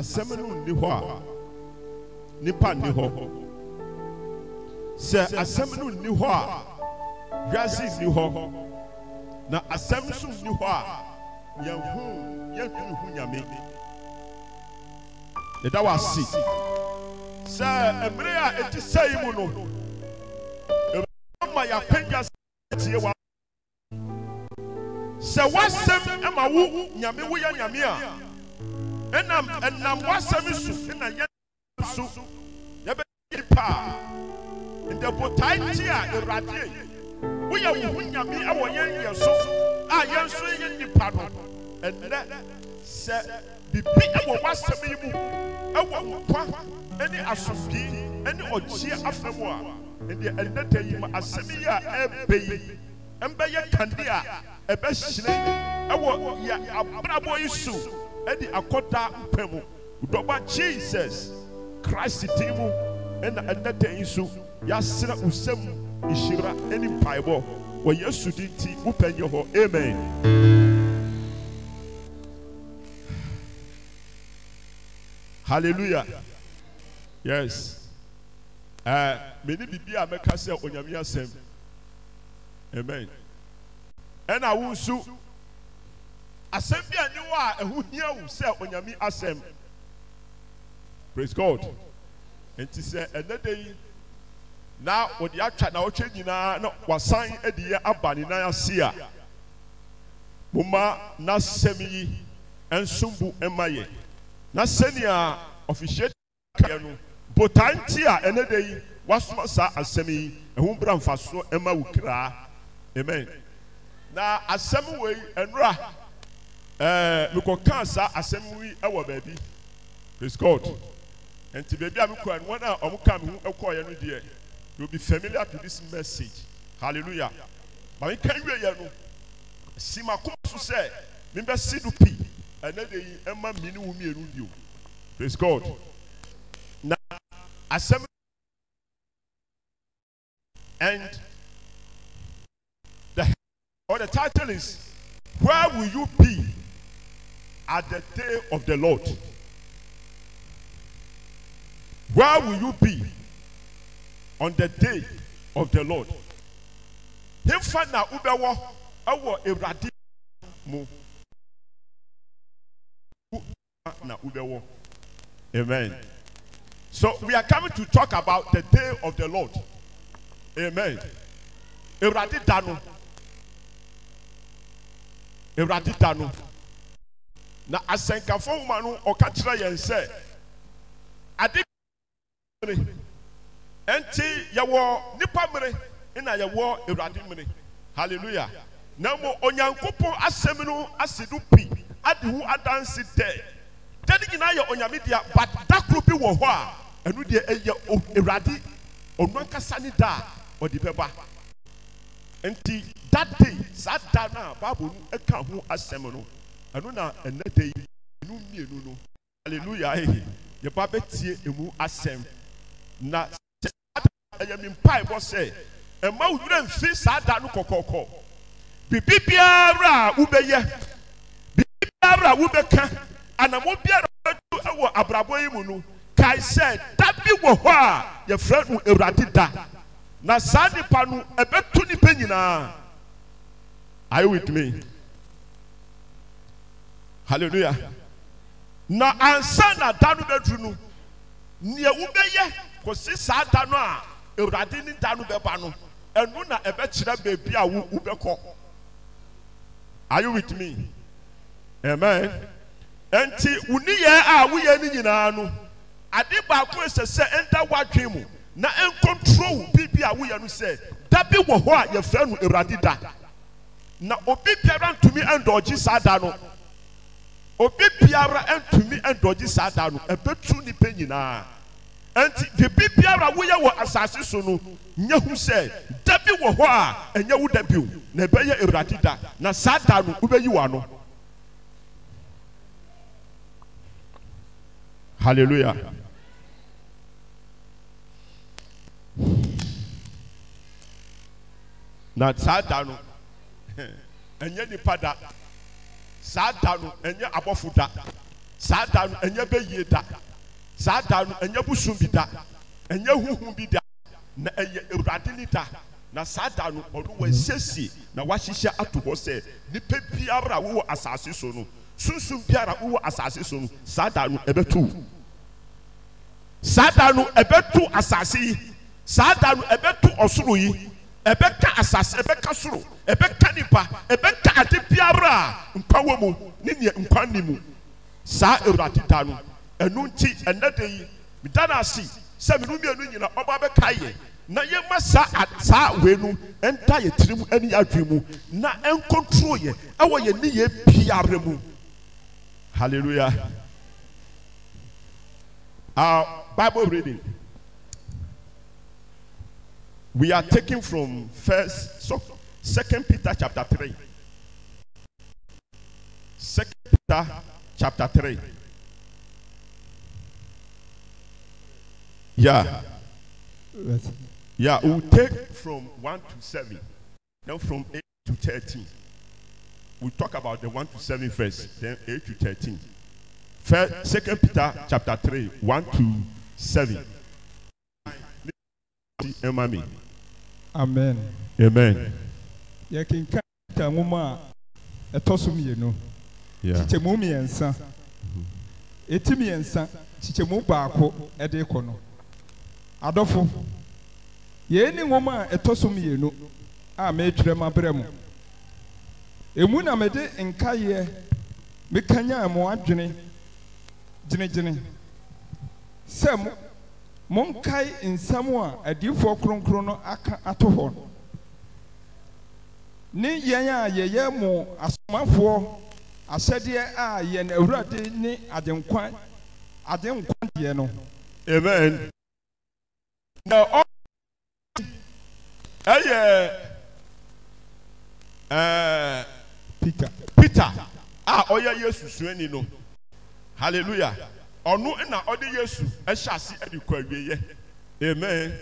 asɛm no nni hɔ a nipa nni hɔ sɛ asɛm no nni hɔ a wiase nni hɔ na asɛm nso nni hɔ a yɛn ho yɛntumi ho nyame yɛda wɔ ase sɛ mmerɛ a ɛti sɛe mu no ɛma yɛapɛnya tie wa sɛ woasɛm ma wo nyame woyɛ nyame a ɛnam ɛnam wasɛm so ɛna yɛ so yɛbɛyɛ nipa a ndɛbotae nti a awurade woyɛ wo ho nyame ɛwɔ yɛn yɛ so a yɛn nso yɛ nipa no ɛnɛ sɛ bibi ɛwɔ wasɛm yi mu ɛwɔ nkwa ɛne asomdwee ɛne ɔgyeɛ afa mu a ɛdeɛ ɛnɛ da yi mu asɛm yi a ɛbɛ yi ɛmbɛyɛ kande a ɛbɛhyerɛn ɛwɔ yɛ abrabɔ yi so ɛde akɔda pɛ mu dɔba jesus christ din mu ɛna ɛnɛ dɛn yi so yɛasra usam nhyira ne mpaebɔ wɔ yesu din nti wopɛ nyɛ hɔ amen hallelujah yes ɛɛ eh, mɛ ni bibi a mɛka sɛ onyame asɛm amen ɛna wo nso. asɛm bi a ni wɔ a ɛho hia wo sɛ onyame asɛm praise god nti sɛ ɛnɛ de yi na wɔde atwa na wɔtwe nyinaa na wasan adi yɛ aba ne nan ase a moma n'asɛm yi nsumbu ma yɛ na sɛnea ɔfihyɛ kaeɛ no botaa nti a ɛnɛ de yi wasoma saa asɛm yi ɛho bra mfasoɔ ma wo kraa amen na asɛm wei ɛnora. Eh, ɛɛ baabi praise god baabi no will be familiar to this message hallelujah maame kan wie yɛ no sima kɔn so sɛ mbɛ si do de yi praise god na and the or the title is where will you be at the day of the Lord. Where will you be on the day of the Lord? Him fana ubewo ewo Ewurade mu. Na Amen. So we are coming to talk about the day of the Lord. Amen. na asɛnkafo nwoma no ɔka kyerɛ yɛn sɛ ade mmiri nti yɛwɔ nipa mmiri na yɛwɔ awurade mmiri hallelujah na mo onyankopɔn asɛm no asi do pi adi ho adansi dɛ dɛ ne nyinaa yɛ onyame dea but dakoro bi wɔ hɔ a ɛnu deɛ ɛyɛ awurade ɔno ankasa ne da a ɔde bɛba nti that day saa da no a baabu no ho asɛm no ɛno na ɛnɛ tɛ yi enu mmienu no hallelujah ehe yɛba bɛtie emu asɛm na sɛ ɛyɛ mi mpa ɛbɔ sɛ ɛma wura nfi saa da no kɔkɔɔkɔ bibi biara a wubɛyɛ bibi biara a wubɛka anamɔ biara a wubɛtu ɛwɔ abrabɔ yi mu no kae sɛ da bi wɔ hɔ a yɛfrɛ no ewurade da na saa nipa no ɛbɛtu nipa nyinaa are you hallelujah na ansa na da no bɛduru no nea saa da no a awurade ne da no bɛba no na beebi a are you with me amen nti wuniyɛ a woyɛ ne nyinaa no ade baako ɛsɛ sɛ ɛnda mu na ɛnkontrol biribi a woyɛ no sɛ da bi a yɛfrɛ no awurade da na obi biara ntumi ɛndɔɔgye saa da obi biara ntumi ndɔgye saa da no ɛbɛtu nipa nyinaa nti biribi biara woyɛ wɔ asase so no nyɛ hu sɛ da wɔ hɔ a ɛnyɛ wo na ɛbɛyɛ awurade da na saa da no wobɛyi wɔ ano hallelujah na saa da no ɛnyɛ nipa da saa da no ɛnyɛ abɔfo da saa da no ɛnyɛ bɛyie da saa da no ɛnyɛ busum bi da ɛnyɛ huhum bi da na ɛyɛ awurade ni da na saa da no ɔno wɔasiesie na wɔahyehyɛ ato hɔ sɛ nnipa biara a wowɔ asase so no sunsun biara wowɔ asase so no saa da no ɛbɛtu saa da no ɛbɛtu asase yi saa da no ɛbɛtu ɔsoro yi ɛbɛka asase ɛbɛka soro. Ebe kanipa, ebe ade biara a nkwa wɔ mu ne nea nkwa mu sa awurade da no ɛnu nti ɛnɛ de yi meda no ase sɛ menu mmienu nyina yɛ na yɛma sa saa wei no ɛnta yɛ tirim ɛne mu na ɛnkontrol yɛ ɛwɔ yɛ ne yɛ mu hallelujah our bible reading we are taking from first so Second Peter chapter 3. Second Peter chapter 3. Yeah. Yeah, we'll take from 1 to 7. Then from 8 to 13. We'll talk about the 1 to 7 first, then 8 to 13. First, Second Peter chapter 3, 1 to 7. Amen. Amen. Amen. yɛkenka ta nwoma a ɛtɔ so mmienu kyikyɛmu mmiɛnsa eti mmiɛnsa kyikyɛmu baako ɛde kɔ no adɔfo yɛn ne nwoma a ɛtɔ so mmienu a mɛtwerɛ mu abrɛ mu emu na mɛde nkaeɛ mekanya mo adwene gyinagyina sɛ mo monkae nsɛm a adiifoɔ kronkron no aka ato hɔ no. ne yɛn a yɛyɛ mo asomafoɔ asɛdeɛ a yɛn awurade ne adenkwa adenkwa deɛ no. amen. na ɔ ɛyɛ ɛɛ peter peter a ɔyɛ yesu suani no hallelujah ɔno na ɔde yesu ɛhyɛ ase ɛde kɔ awie yɛ amen.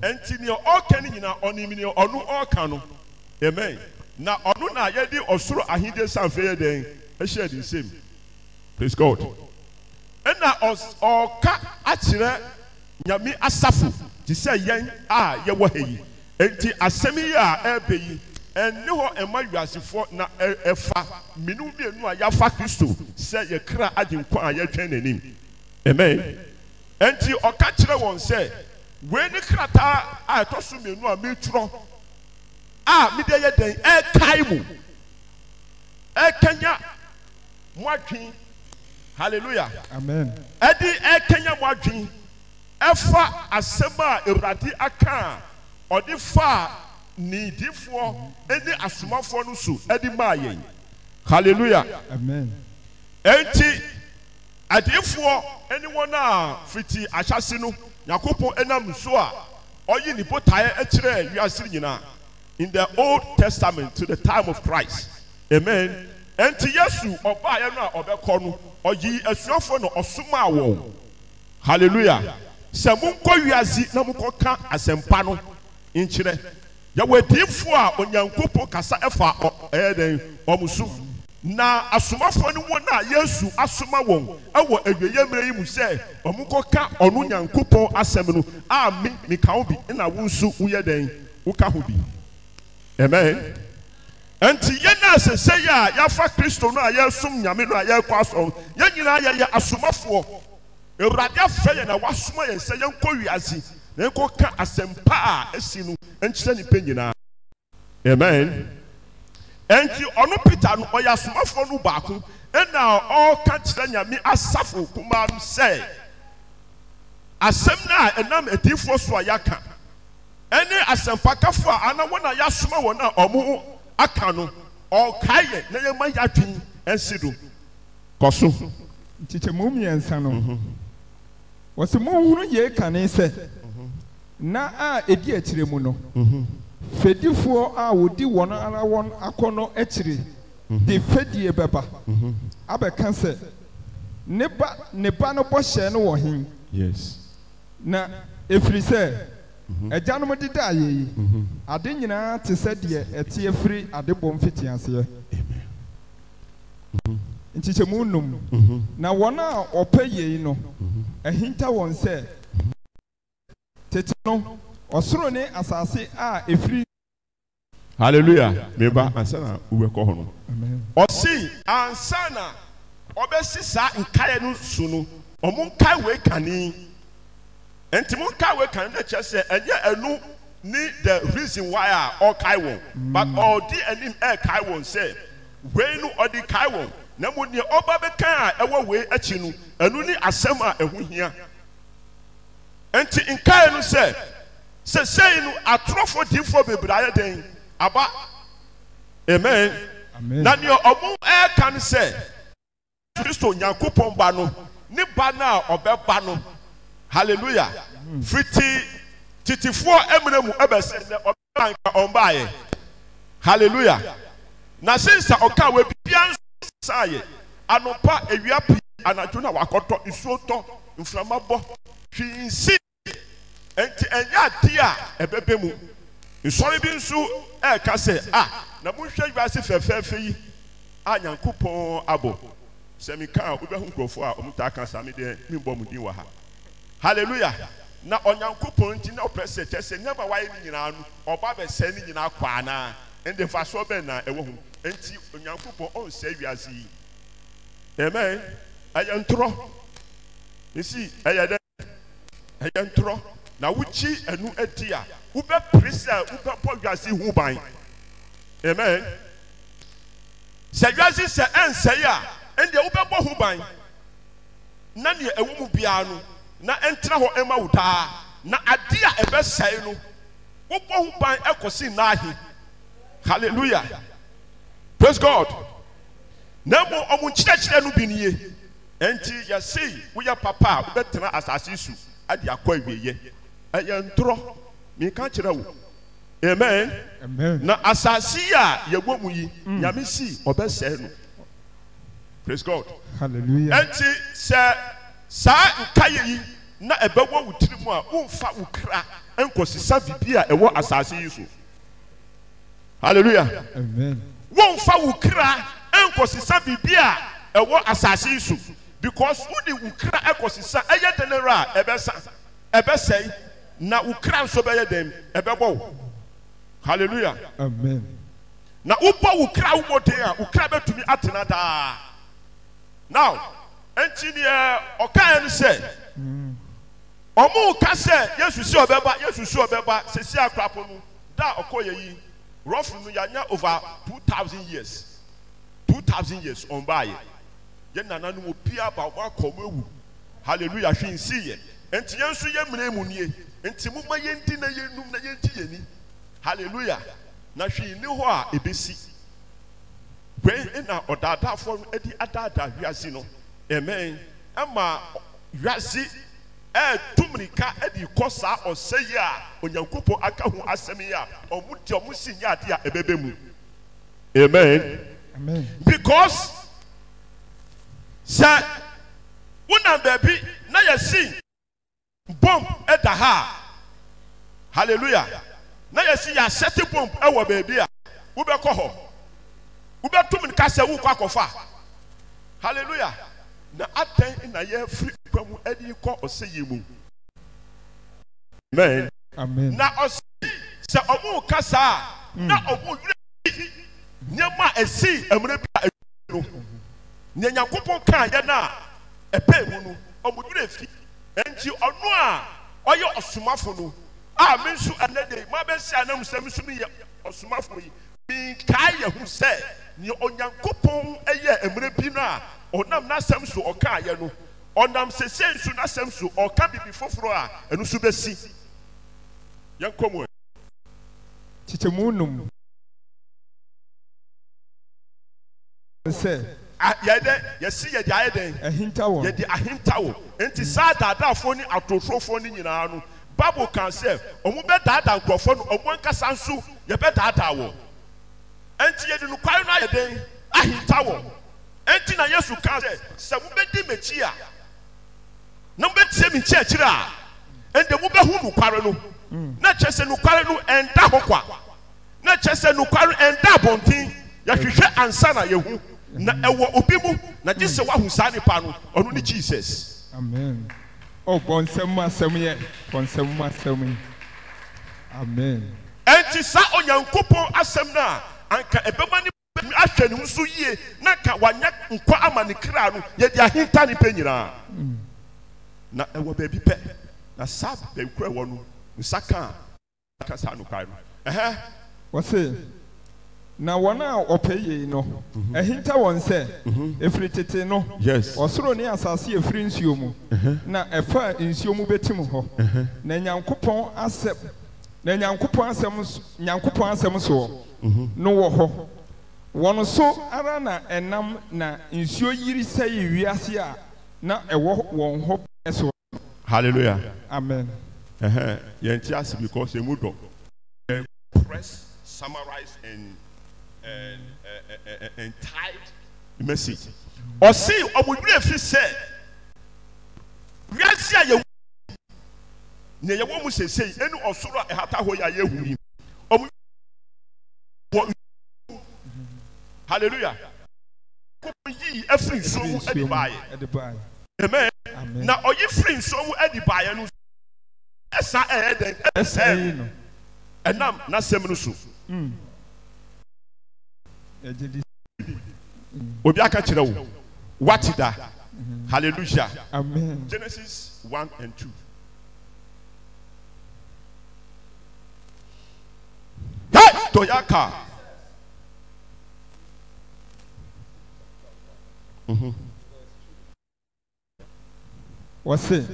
ɛnti nea ne nyinaa ɔnim nea ɔno no. amen na ɔno na yɛde ɔsoro ahinde sanfɛ yɛ dɛn ɛhyɛ de nsam praise god ɛna ɔka akyerɛ nyame asafo te sɛ yɛn a yɛwɔ ha yi nti asɛm yi a ɛɛbɛ yi ɛne hɔ ɛma wiasefoɔ na ɛfa mmienu mienu a yɛafa kristo sɛ yɛkra agye nkwa a yɛtwɛn n'anim amen nti ɔka kyerɛ wɔn sɛ wei ne krataa a ɛtɔ so mmienu a meretwerɛ a mede yɛ dɛn ɛrekae mu ɛrekanya mo adwen hallelujah amen ɛde ɛrekanya mo adwen ɛfa asɛm a awurade aka a ɔde fa ne difoɔ ne asomafoɔ no so ɛde maa yɛn hallelujah amen enti adiifoɔ ne wɔn a fiti ahyase no nyakopɔn nam so a ɔyi ne botaeɛ kyerɛ wiase nyinaa in the old testament to the time of christ amen ɛnti yesu ɔbaa yɛn no a ɔbɛkɔ no ɔyi asuafoɔ na ɔsomaa wɔn hallelujah sɛ monkɔ wiase na monkɔka asɛmpa no nkyerɛ yɛwɔ adiifoɔ a onyankopɔn kasa ɛfa ɛyɛ dɛn so na asomafoɔ no wɔn a yesu asoma wɔn ɛwɔ awieyɛ mmerɛ yi mu sɛ ɔmo nkɔka ɔno nyankopɔn asɛm no a me meka ho bi ɛna wo nso woyɛ dɛn woka ho bi amen nti yɛn a sese yɛ a yɛafa kristo no a yɛresom nyame no a yɛrekɔ asɔm yɛn nyinaa yɛyɛ asomafoɔ awurade afɛ yɛn na wasoma yɛn sɛ yɛnkɔ wiase na yɛnkɔ ka asɛmpa a esi no nkyerɛ nipa nyinaa amen nti ɔno peter no ɔyɛ asomafoɔ no baako ɛna ɔreka kyerɛ nyame asafo kumaa no sɛ asɛm no a ɛnam adiifoɔ so a yɛaka ɛne asɛmpakafo a ana wɔn a yasoma wɔn a ɔmo aka no ɔka yɛ na yɛ ma yɛ atwi ɛnsi do kɔ so. nkyekyɛmu mmiɛnsa no wɔsi mo nhuru yɛ kane sɛ na a edi akyire mu no fedifoɔ a wodi wɔn ara wɔn akɔnɔ akyire de fedie bɛba abɛka sɛ ne ba ne ba no bɔ hyɛn no wɔ hin na efiri sɛ. agyanom mhm. deda ayɛ yi mhm. ade nyinaa te sɛ deɛ ɛte afiri adebɔ mfitiaseɛ nkyekyɛmu mhm. nnum, na wɔn a ɔpɛ yei no ɛhinta wɔn sɛ tete no ɔsoro ne asase a efiri. hallelujah meba ansa na wobɛkɔ hɔ no ɔsi ansa na ɔbɛsi saa nkaeɛ no so no ɔmo nkae wei kanii. nti mo nkae wei kan na kyerɛ sɛ ɛnyɛ ɛnu ne the reason why a ɔkae wɔn but mm. ɔdi anim ɛɛkae wɔn sɛ wei no ɔdi kae wɔn na mo nea ɔba bɛka a ɛwɔ wei akyi no ɛnu ne asɛm a ɛho hia nti nkae no sɛ sɛ sɛyi no atorɔfo diifoɔ bebree ayɛ den aba amen na nea ɔmo ɛɛka no sɛ kristo nyankopɔn ba no ne ba no a ɔbɛba no hallelujah fiti titifoɔ ɛmuna mu ɛbɛsɛ dɛ ɔbɛn nka ɔmbaayɛ hallelujah na sinsa ɔka wa bibia nsaayɛ anopa ewia pii anadwo eh, ah, na wakɔtɔ nsuo tɔ nframa bɔ hwii nsi nti ɛnyɛ adeɛ a ɛbɛbɛ mu nsɔre bi nso ɛɛka sɛ a na monhwɛ wiase fɛfɛɛfɛ yi a nyankopɔn abɔ sɛ meka a wobɛho nkurɔfoɔ a ɔmo taa ka saa me deɛ membɔ mo din wɔ ha hallelujah na onyankopɔn nti na ɔpɛ sɛ kyɛ sɛ nyɛma wayɛ ne nyinaa no ɔba bɛsɛ ne nyinaa kɔ anaa ɛnde mfasoɔ bɛn na ɛwɔ ho nti onyankopɔn ɔnsɛ wiase yi amen ɛyɛ ntorɔ nsi ɛyɛ dɛ ɛyɛ ntorɔ na wokyi ɛnu adi a wobɛpere sɛ wobɛbɔ wiase ho ban amen sɛ wiase sɛ ɛnsɛe a ɛndeɛ wobɛbɔ ho ban na neɛ ɛwɔ mu biara no na ɛntena hɔ ɛma wo daa na ade a ɛbɛsɛe no wobɔ ho ban ɛkɔsi naahi hallelujah praise god na mmom ɔmo nkyerɛkyerɛ no bi nie ɛnti yɛsei woyɛ papa a wobɛtena asase so ade akɔ awieyɛ ɛyɛ ntorɔ meka kyerɛ wo amen na asase a yɛwɔ mu yi mm. nyame sii ɔbɛsɛe no praise god hallelujah ɛnti sɛ saa nkae yi na ɛbɛwɔ wo tiri mu a womfa wo kra nkɔsesa bibi a ɛwɔ asase yi so hallelujah womfa wo kra nkɔsesa bibi a ɛwɔ asase yi so because wode wo kra ɛkɔsesa ɛyɛ dɛnɛra a ɛbɛsa ɛbɛsɛe na wo kra nso bɛyɛ dɛn ɛbɛbɔ wo hallelujah na wobɔ wo kra wobɔ den a wo kra bɛtumi atena daa now nti deɛ ɔkaeɛ no sɛ ɔmo ka sɛ yesu si ɔbɛba yesu si ɔbɛba sisi akorapo no da ɔkɔ yɛ yi rɔfo no yanya over two thousand years two thousand years ɔnba yɛ yɛn nana no mo pia ba ɔmo akɔ ɔmo ewu hallelujah hwi nsi yɛ nti yɛn nso yɛ mìíràn mu nie nti mo ma yɛn di na yɛn num na yɛn di yɛn hallelujah na hwi ni hɔ a ebesi wɛn na ɔdaadaafoɔ no ɛdi adaadaa hwi ase no amen ɛma wiase ɛɛtu mirika ɛde kɔ saa ɔsɛ yi a onyankopɔn aka ho asɛm yi a ɔmo deɛ ɔmo si nyɛ adeɛ a ɛbɛbɛ mu amen because sɛ wonam baabi na yɛsi bomb ɛda ha a hallelujah na yɛsi yɛasɛte bomb ɛwɔ baabi a wobɛkɔ hɔ wobɛtu mirika sɛ wokɔ akɔfa hallelujah. na atɛn na yɛfiri kwa mu ɛde kɔ ɔsɛ yi mu amen na ɔsɛ sɛ ɔmo ka hmm. na ɔmo werɛ nneɛma a ɛsi mmerɛ bi a ɛfi no nea nyankopɔn kaa yɛ no a ɛpɛɛ mu no ɔmo werɛ fi nti ɔno a ɔyɛ ɔsomafo no a me nso ɛnɛ de mu abɛsi anam sɛ me nso meyɛ ɔsomafo yi minkae yɛ ho sɛ nea onyankopɔn ɛyɛ bi no a ɔnam n'asɛm so ɔkaayɛ no ɔnam sese nso n'asɛm so ɔka bibi foforɔ a ɛno nso bɛsi yɛn kɔn mu ɛ. kyekyɛmu num. sɛ. yɛdɛ yɛsi yɛde ayɛ dɛ. ahinta wɔ. yɛde ahinta wɔ nti saa daadaafoɔ ne atotorofoɔ ne nyinaa no bible kan sɛ ɔmo bɛ daadaa nkurɔfoɔ no ɔmo nkasa nso yɛbɛ daadaa wɔ nti yɛde no kwan no ayɛ ahinta enti na yesu ka sɛ sɛ wobɛdi m'akyi a na wobɛtie me nkyerɛkyerɛ a ɛnde wobɛhu nokware no mm. na kyerɛ sɛ nokware no ɛnda hɔ kwa na kyerɛ sɛ nokware ɛnda abɔnten yɛhwehwɛ ansa na yɛhu na ɛwɔ obi mu na gye sɛ woahu saa nipa no ɔno ne jesus amen ɔbɔ oh, nsɛm asɛm yɛ bɔ nsɛm asɛm amen ɛnti saa onyankopɔn asɛm no a anka ɛbɛma ne bɛtumi ahwɛ ne ho so yie na ka wanya nkwa ama ne kra no yɛde ahinta ne nyinaa na ɛwɔ baabi pɛ na saa baabi kura ɛwɔ no nsa ka a aka saa nokwae no ɛhɛ wɔse na wɔn a ɔpɛ yie no mhm. ɛhinta wɔn sɛ mhm. efiri tete no ɔsoro ne asase efiri nsuo mu na ɛfa nsuo mu bɛtim hɔ na nyankopɔn asɛm na nyankopɔn asɛm nyankopɔn asɛm soɔ mhm. no wɔ hɔ wọn so ara na ɛnam na nsuo yiri sɛyi wiase a na ɛwɔ wɔn hɔ pɛɛ so. hallelujah amen. yɛn ti ase because emu dɔ. press summarize and and and tied the message. ɔsi ɔmudure fi sɛ wiase a yɛwu nea yɛwɔ mu sese ɛnu ɔsoro a ɛhata hɔ yɛ a yɛwu yi ɔmudure wɔ. hallelujah kókó yìí efiri nsuo mu ɛdi amen na ɔyi firi nsuo mu ɛdi baayɛ no ɛsa ɛyɛ dɛ ɛsɛm ɛnam no so hmm. e hmm. obi aka kyerɛ wo wati da hmm. hallelujah amen genesis one and two. Hey! Toyaka. wɔsi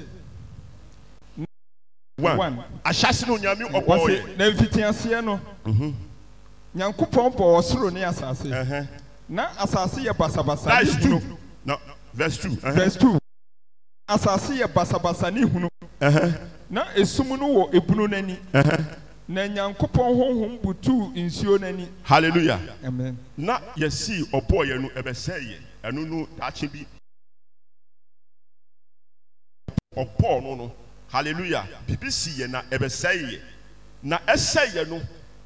one ahyase no nyame ɔbɔ yɛ na mfitiaseɛ no mhm. nyankopɔn bɔ ɔsoro ne asase na asase yɛ basabasa ne hunu verse two verse two asase yɛ basabasa ne hunu na esum no wɔ ebunu n'ani na nyankopɔn honhom butu nsuo n'ani hallelujah amen na yɛsi ɔbɔ yɛ no ɛbɛsɛ yɛ ɛno no akye bi ɔbɔɔ no no hallelujah biribi si yɛ na ɛbɛsɛe yɛ na ɛsɛe yɛ no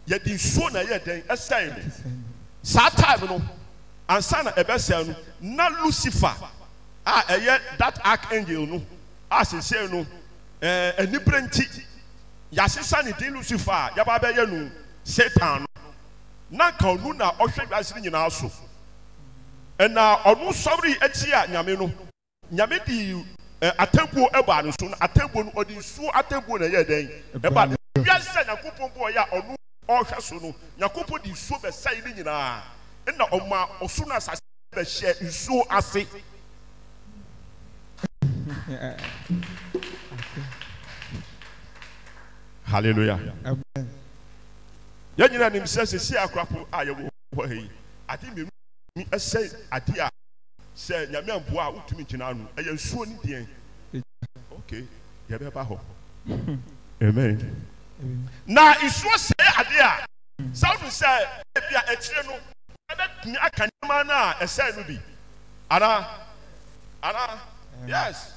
yɛde nsuo na ɛyɛ dɛn ɛsɛe no saa time no ansa na ɛbɛsɛe nu. na lucifer a ɛyɛ that archangel nu. a sese no ɛɛ anibere nti yasesa ne din lucifer a yaba bɛyɛ no satan no na kan nu na ɔhwɛ wiase nyinaa so. na ɔno sɔre akyi ya nyame no nyame de atembuo ɛbaa ne so no atembuo ọ dị nsuo atembuo na ɛyɛ ebe ɛbaa ne wia sɛ nyakopɔn bɔ ɔyɛ a ɔno ɔrehwɛ so no nyakopɔn dị nsuo bɛsɛe ne nyinaa na ọma ɔsoro no asase nsuo ase hallelujah yɛn nyinaa nim sɛ sɛ si akorapo a yɛwɔ hɔ yi ade mmienu ɛsɛ ade a sɛ nyame mboa a wotumi gyina ano ɛyɛ nsuo ok yɛbɛba hɔ amen na nsuo sɛe ade a saa sɛ ebi a akyire no ɛbɛtumi aka nneɛma no a ɛsɛe no bi yes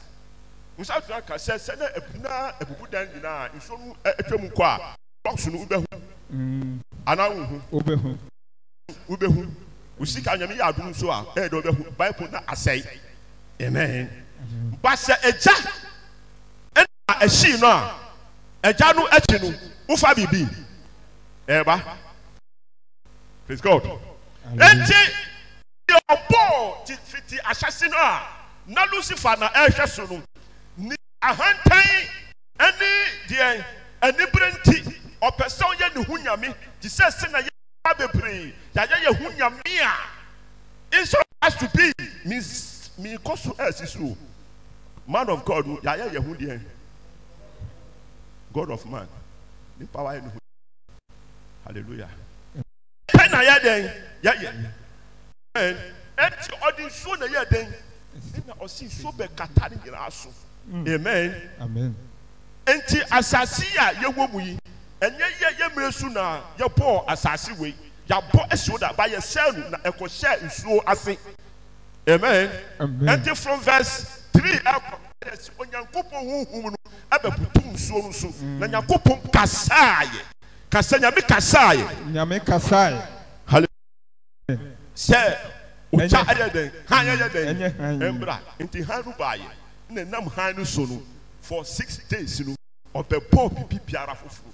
nsa aka sɛ sɛ na ebuna ebubu dan nyinaa nsuo no mu kɔ a bɔks no o sika nyame yɛ adum so a ɛyɛ dɛ ɔbɛhu baako na asɛe amen basa ɛgya ɛna ɛhyii no a ɛgya no akyi no wofa biribi ɛɛba praise god eti deɛ ɔbɔ ti fiti ahyase no a na lucifer na ɛrehwɛ so no ni ahantan ɛne deɛ ɛnibere nti ɔpɛ sɛ ɔyɛ ne ho nyame te sɛ sɛ na yɛ bebree yɛayɛ yɛ ho nyame Israel has to be means menkɔ so asi so man of god yɛayɛ yɛ ho deɛ god of man nipa wa yɛ no hallelujah pɛ na yɛ dɛn yɛyɛ ɛn ɛti ɔdi nsuo na yɛ dɛn ɛna ɔsi nsuo bɛ kata ne nyinaa mm. amen amen nti asase a yɛwɔ mu yi ɛnyɛ yɛ yɛ mmerɛ su na yɛbɔ asase wei yabɔ asuo da ba yɛhyɛ no na ɛkɔhyɛ nsuo ase amen ɛnti from verse three ɛkɔ eh, ɛna si onyankopɔn huhum no ɛbɛputu nsuo no so mm. na nyankopɔn kasaayɛ kasa nyame kasaayɛ nyame kasaayɛ hallelujah sɛ ɔkya ayɛ dɛn han yɛ dɛn ɛmbra nti han no baayɛ na nam han no so no for six days no ɔbɛbɔ bibi biara foforɔ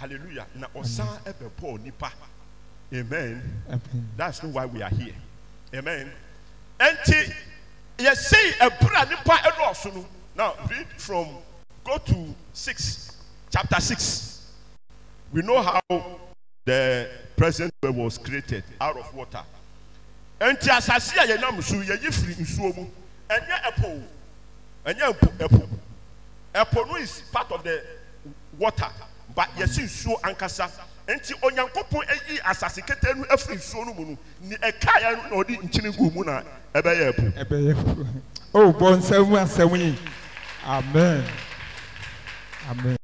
Hallelujah. Na osan ebe Paul nipa. Amen. That's not why we are here. Amen. Enti yesi ebra nipa edo no. Now read from go to 6 chapter 6. We know how the present world was created out of water. Enti asase a yenam so yeyi firi nsuo mu. Enye epo. Enye epo. Epo no is part of the water. ba yɛsi nsuo ankasa nti onyankopɔn ayi asase kete no afiri nsuo no mu no ni ɛka yɛ na ɔde nkyini gu mu na ɛbɛyɛ ɛpo. ɛbɛyɛ ɛpo o oh, bɔ nsɛm asɛm yi amen amen.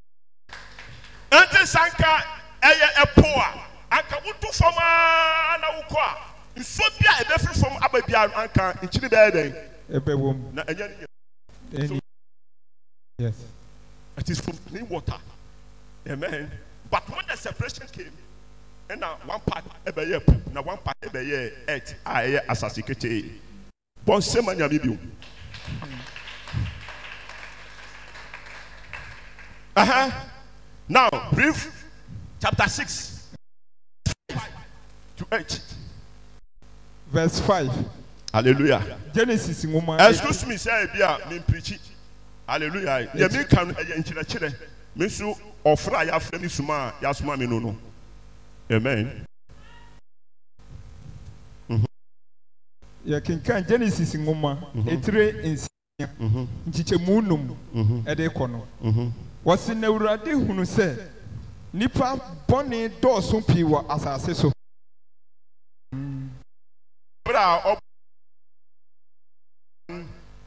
nti sanka ɛyɛ ɛpo a anka wotu fam aa na wokɔ a nsuo bi a ɛbɛfiri fam aba bi a anka nkyini bɛyɛ dɛn. ɛbɛwɔ mu na ɛnyɛ ne yɛ. yes. it is from clean water. amen but when the separation came now one part ɛbɛyɛ po now one part ɛbɛyɛ earth a ɛyɛ asase ketee bɔnsɛm a nyame bio uh-huh. now brief chapter six five to eight verse five. hallelujah genesis nwoma. excuse me sɛ ebi a mi n pirikyi hallelujah yɛ mi kan ɛyɛ nkyerɛkyerɛ. me nso ɔfra a yɛafrɛ me suma a yɛasoma me no no amen mhm. yɛkenkan genesis nwoma mhm. etire nsia mhm. nkyekyɛmu num ɛde kɔ no wɔsi na awurade hunu sɛ nipa bɔne dɔɔso pii wɔ asase so. abira a ɔbɔ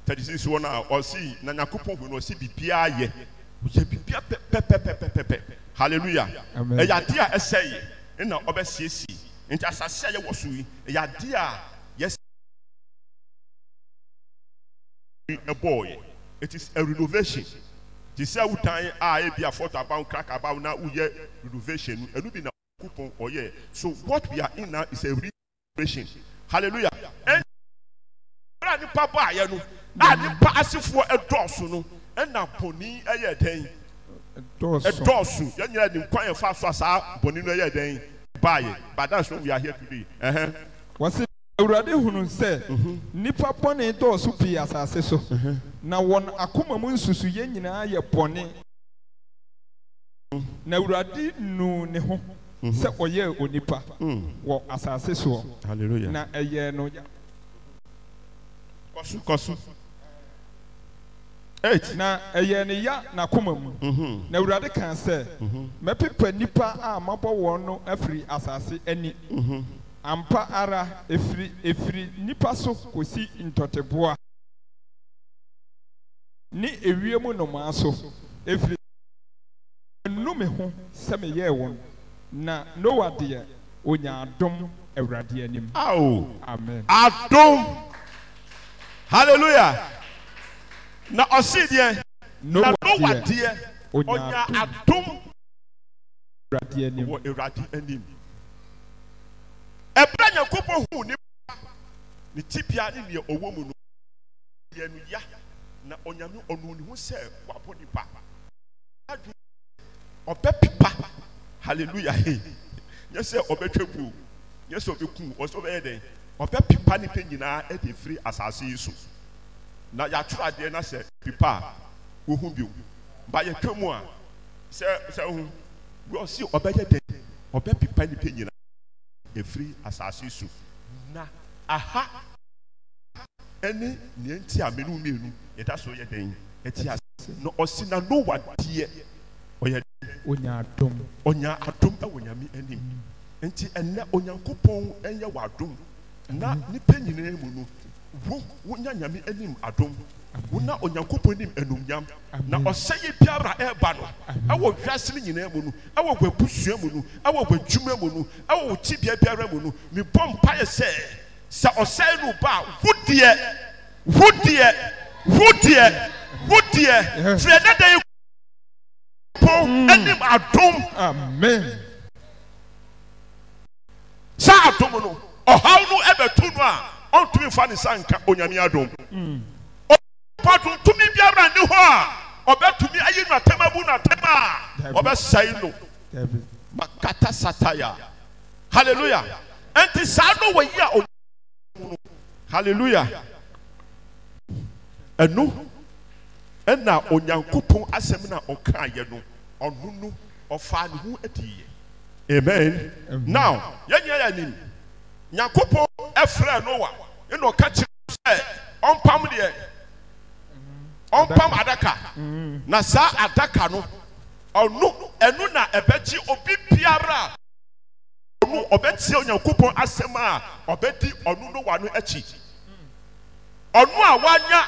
thirty six wɔn a ah, ɔsi na nyakopɔn hunu ɔsi bibiara yɛ. woyɛ biribi pɛpɛpɛpɛpɛ hallelujah ɛyɛ adeɛ a ɛsɛ yi ɛna ɔbɛsiesie nti asase a yɛwɔ so yi ɛyɛ adeɛ a yɛsɛ ɛbɔɔyɛ it is a renovation te sɛ wotan a ebi afɔto abawo crack abawo na woyɛ renovation no ɛnu bi na coupon ɔyɛ so what we are in now is a renovation hallelujah ɛn. nipa bɔ ayɛ no a nipa asefoɔ ɛdɔɔso no ɛna bɔnni ɛyɛ dɛn ɛdɔɔso yɛn nyinaa nim kwan yɛn fa so a saa bɔnni no ɛyɛ dɛn baayɛ but that's we are here today. Uh-huh. awurade hunu sɛ mhm. nipa bɔnni dɔɔso pii asaase so mhm. na wɔn akoma mu nsusu yɛn nyinaa yɛ bɔnni mhm. na awurade nu ne ho sɛ ɔyɛ onipa mm. wɔ asaase soɔ na ɛyɛ no. kɔsu kɔsu. eight na ɛyɛ ne ya n'akoma mu mm-hmm. na awurade kan sɛ mm-hmm. mɛpepa nipa a mabɔ wɔn no afiri asase ani mm-hmm. ampa ara efiri efiri nipa so kosi ntɔteboa ne ewiem nnomaa so efiri nnome ho sɛ meyɛɛ wɔn na noa deɛ onya adom awurade anim. awo amen adom hallelujah na ɔsi deɛ na nowa deɛ ɔnya atum, wɔ awurade anim ɛbrɛ nyankopɔn hu nipa ne tibia ne nea ɔwɔ mu no deɛ no ya na ɔnyame ɔno ne ho sɛ wabɔ nipa ɔbɛ pipa hallelujah he nyɛ sɛ ɔbɛtwa bu nyɛ sɛ ɔbɛku ɔsɛ ɔbɛyɛ dɛn ɔbɛ pipa nipa nyinaa ɛde e firi asase yi so na yàtwerɛ adeɛ na sɛ pipa a wohu bio ba yɛka mu a sɛ sɛ ho ɔsi ɔbɛyɛ dɛ ɔbɛ pipa nipa nyina efiri asase so na aha ɛne nea nti a menu mienu yɛda so yɛ dɛn ɛti ase na ɔsi na nowa deɛ ɔyɛ dɛ onya adom onya adom ɛwɔ nyame anim nti ɛnɛ onyankopɔn ɛyɛ wɔ adom na nipa nyinaa mu no wo wonya nyame anim adom wona onyankopɔn anim na ɔsɛ yi biara ɛreba no ɛwɔ wiase no nyinaa mu no ɛwɔ w'abusua mu no ɛwɔ w'adwuma mu no ɛwɔ wo tibea biara mu no mebɔ sɛ sɛ ɔsɛe no ba a wodeɛ wodeɛ wodeɛ wodeɛ da mm. anim adom amen saa adom no ɔhaw no no a ɔntumi nfa ne sanka nka onyame adom ɔpɔdun tumi biara ni hɔ a ɔbɛtumi ayi no atɛm abu no atɛm a ɔbɛsɛe no makata sataya hallelujah ɛnti saa no wɔ yi a ɔnyɛ hallelujah ɛnu ɛna onyankopɔn asɛm na ɔkaayɛ no ɔno no ɔfaa ne ho adiiɛ amen now yɛn nyɛ anim. nyankopɔn ɛfrɛ noa ɛna ɔka kyerɛ sɛ ɔmpam deɛ ɔmpam adaka mm. na saa adaka no ɔno ɛno na ɛbɛgye obi biara a ɔno ɔbɛtie onyankopɔn asɛm a ɔbɛdi ɔno noa no akyi ɔno a wanya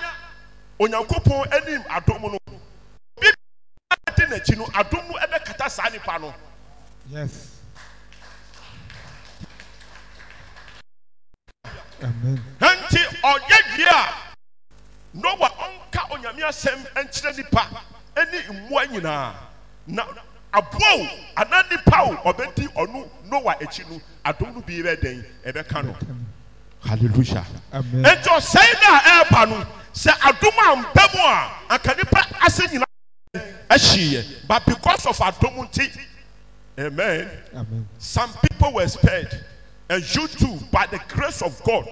onyankopɔn anim adom no obi biara di n'akyi no adom no ɛbɛkata saa nipa no. nti ɔyɛ wie a noa ɔnka onyame asɛm nkyerɛ nipa ne mmoa nyinaa na aboa o anaa nipa o ɔbɛdi ɔno noa akyi no adom no bi bɛ dɛn ɛbɛka no hallelujah nti ɔsɛe no a ɛreba no sɛ adom a mpɛ mu a anka nipa ase nyinaa ɛhyeeɛ but because of adom nti amen, amen. some people were spared. And you too, by the grace of God,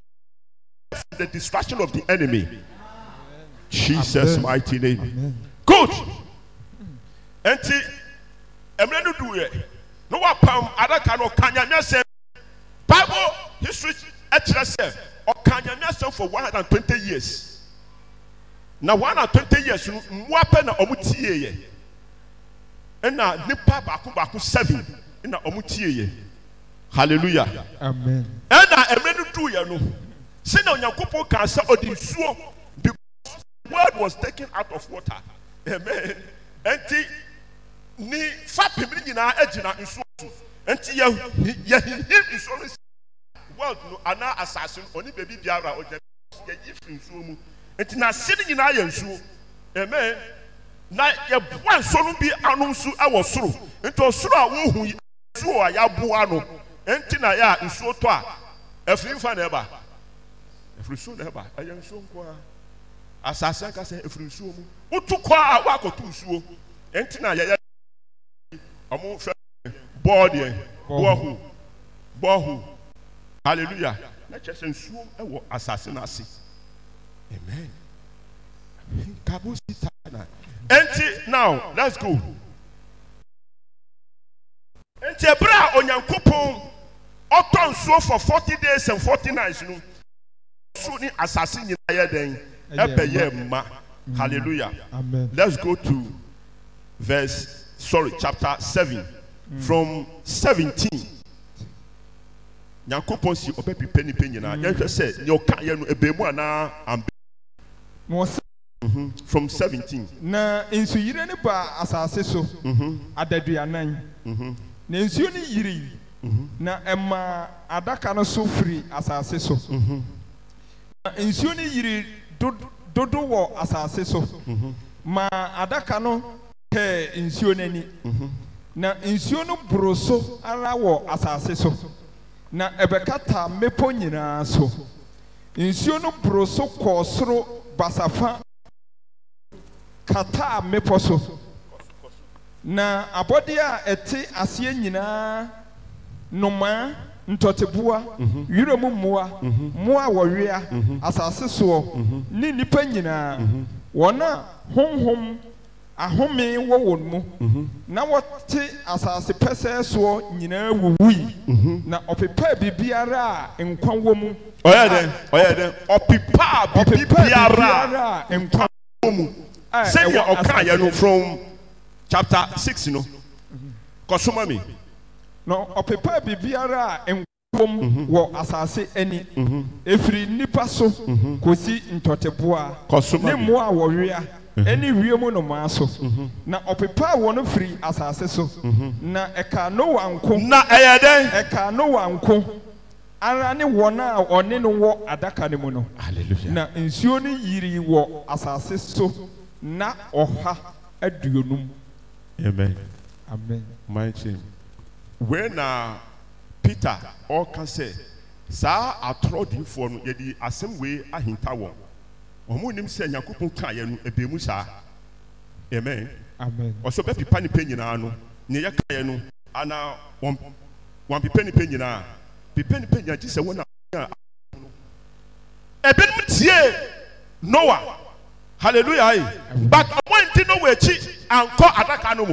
the destruction of the enemy. Amen. Jesus' Amen. mighty name. Amen. Good. And Emre no do it. No one pam other kind of kanya Bible history actually or kanya say for 120 years. Now 120 years mwape na omutie ye. And na nipa baako baako seven na omutie ye. hallelujah amen ɛna ɛmɛ no duu yɛ no sɛnɛ onyankopɔn kan sɛ ɔde nsuo because the word was taken out of water amen ɛnti ni fapem ne nyinaa ɛgyina nsuo so ɛnti yɛhihim nsuo no world no anaa asase no ɔne baabi biara ɔgyina yɛyi firi nsuo mu ɛnti n'ase ne nyinaa yɛ nsuo amen na yɛboa nsuo no bi ano nso ɛwɔ soro nti ɔsoro a wohu nsuo a yɛaboa no. nti na yɛ a nsuo tɔ a ɛfiri nfa na ɛba ɛfiri nsuo na ɛba ɛyɛ nsuo nko a asase akasa ɛfiri nsuo mu wotu kɔ a wakɔtu nsuo nti na yɛyɛ ɔmo fɛ bɔɔl deɛ bɔɔhu bɔɔhu hallelujah na kyerɛ sɛ nsuo ɛwɔ asase na ase amen nkabo si ta na nti now let's go nti ebere a onyankopɔn. ɔtɔ nsuo for forty days and forty nights no nsuo ni asase nyinaa yɛ dɛn ɛbɛ yɛ ma hallelujah amen let's go to verse sorry chapter seven mm. from seventeen nyankopɔn si ɔbɛ bi pɛ nipa nyinaa mm. yɛhwɛ sɛ nea ɔka yɛ no ebe mu anaa ambe. Mhm. from seventeen. na nsuyire ne ba asase so mhm. adaduanan mhm. na nsuo ne yiri. na ɛmaa adaka no so firi asase so mhm. na nsuo no yiri dodo wɔ asase so mhm. ma adaka no tɛɛ nsuo n'ani mhm. na nsuo no boro so ara wɔ asase so na ɛbɛkata mmepɔ nyinaa so nsuo no boro so kɔɔ soro basafa kataa mmepɔ so na abɔdeɛ a ɛte aseɛ nyinaa nnomaa ntɔteboa mhm. wiram mhm. mmoa mmoa wɔwea mhm. asase soɔ ne nnipa nyinaa wɔn a honhom ahome wɔ wɔn mu na wɔte asase pɛsɛɛ soɔ nyinaa wuwui na ɔpepa biribiara a nkwa wɔ mu ɔyɛ dɛn ɔyɛ dɛn ɔpepa biribiara a nkwa wɔ mu sɛdeɛ ɔkaayɛ no from chapter six no kɔsoma mi. na ọpịpa biribiara a nkwom mhm. wọ asase ani mhm. efiri nnipa so mhm. kɔsi ntɔteboa ne mmoa a wɔwea ɛne wiem nnomaa so na ọpịpa a wɔn firi asase so na ɛka noa nko na ɛyɛ dɛn ɛka noa nko ara ne wɔn a ɔne no wɔ adaka no mu no na nsuo no yiri wɔ asase so na ɔha aduonum amen amen my chamber wei na uh, peter ɔreka sɛ saa atorɔ diifoɔ no yɛde asɛm wei ahinta wɔn wɔn nim sɛ nyankopɔn kaeɛ no ebien mu saa amen ɔsɛ ɔbɛpipa nipa nyinaa no nea yɛ kaeɛ no ana wɔn wɔn pipa nipa nyinaa pipa nipa nyinaa gye sɛ wɔn na wɔn a ebinom tie noa hallelujah but ɔmo nti noa akyi ankɔ adaka no mu.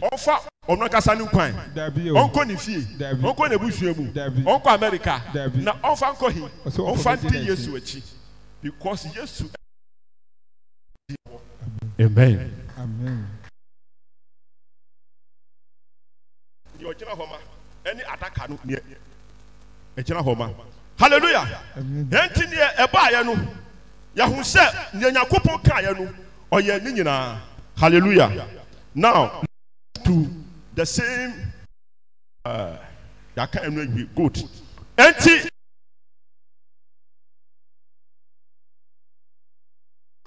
ɔfa ɔno kasa ne kwan ɔnkɔ ne fie ɔnkɔ ne busua mu ɔnkɔ amerika na ɔnfa nkɔ hi ɔnfa nti yesu akyi because yesu amen deɛ ɔgyina hɔ ma ɛne adaka no neɛ ɛgyina hɔ ma hallelujah ɛnti neɛ ɛbaayɛ no yɛho sɛ neɛ nyankopɔn kaayɛ no ɔyɛ ne nyinaa hallelujah now to the same uh, yàkà ẹnu ẹgbẹ good. ẹntì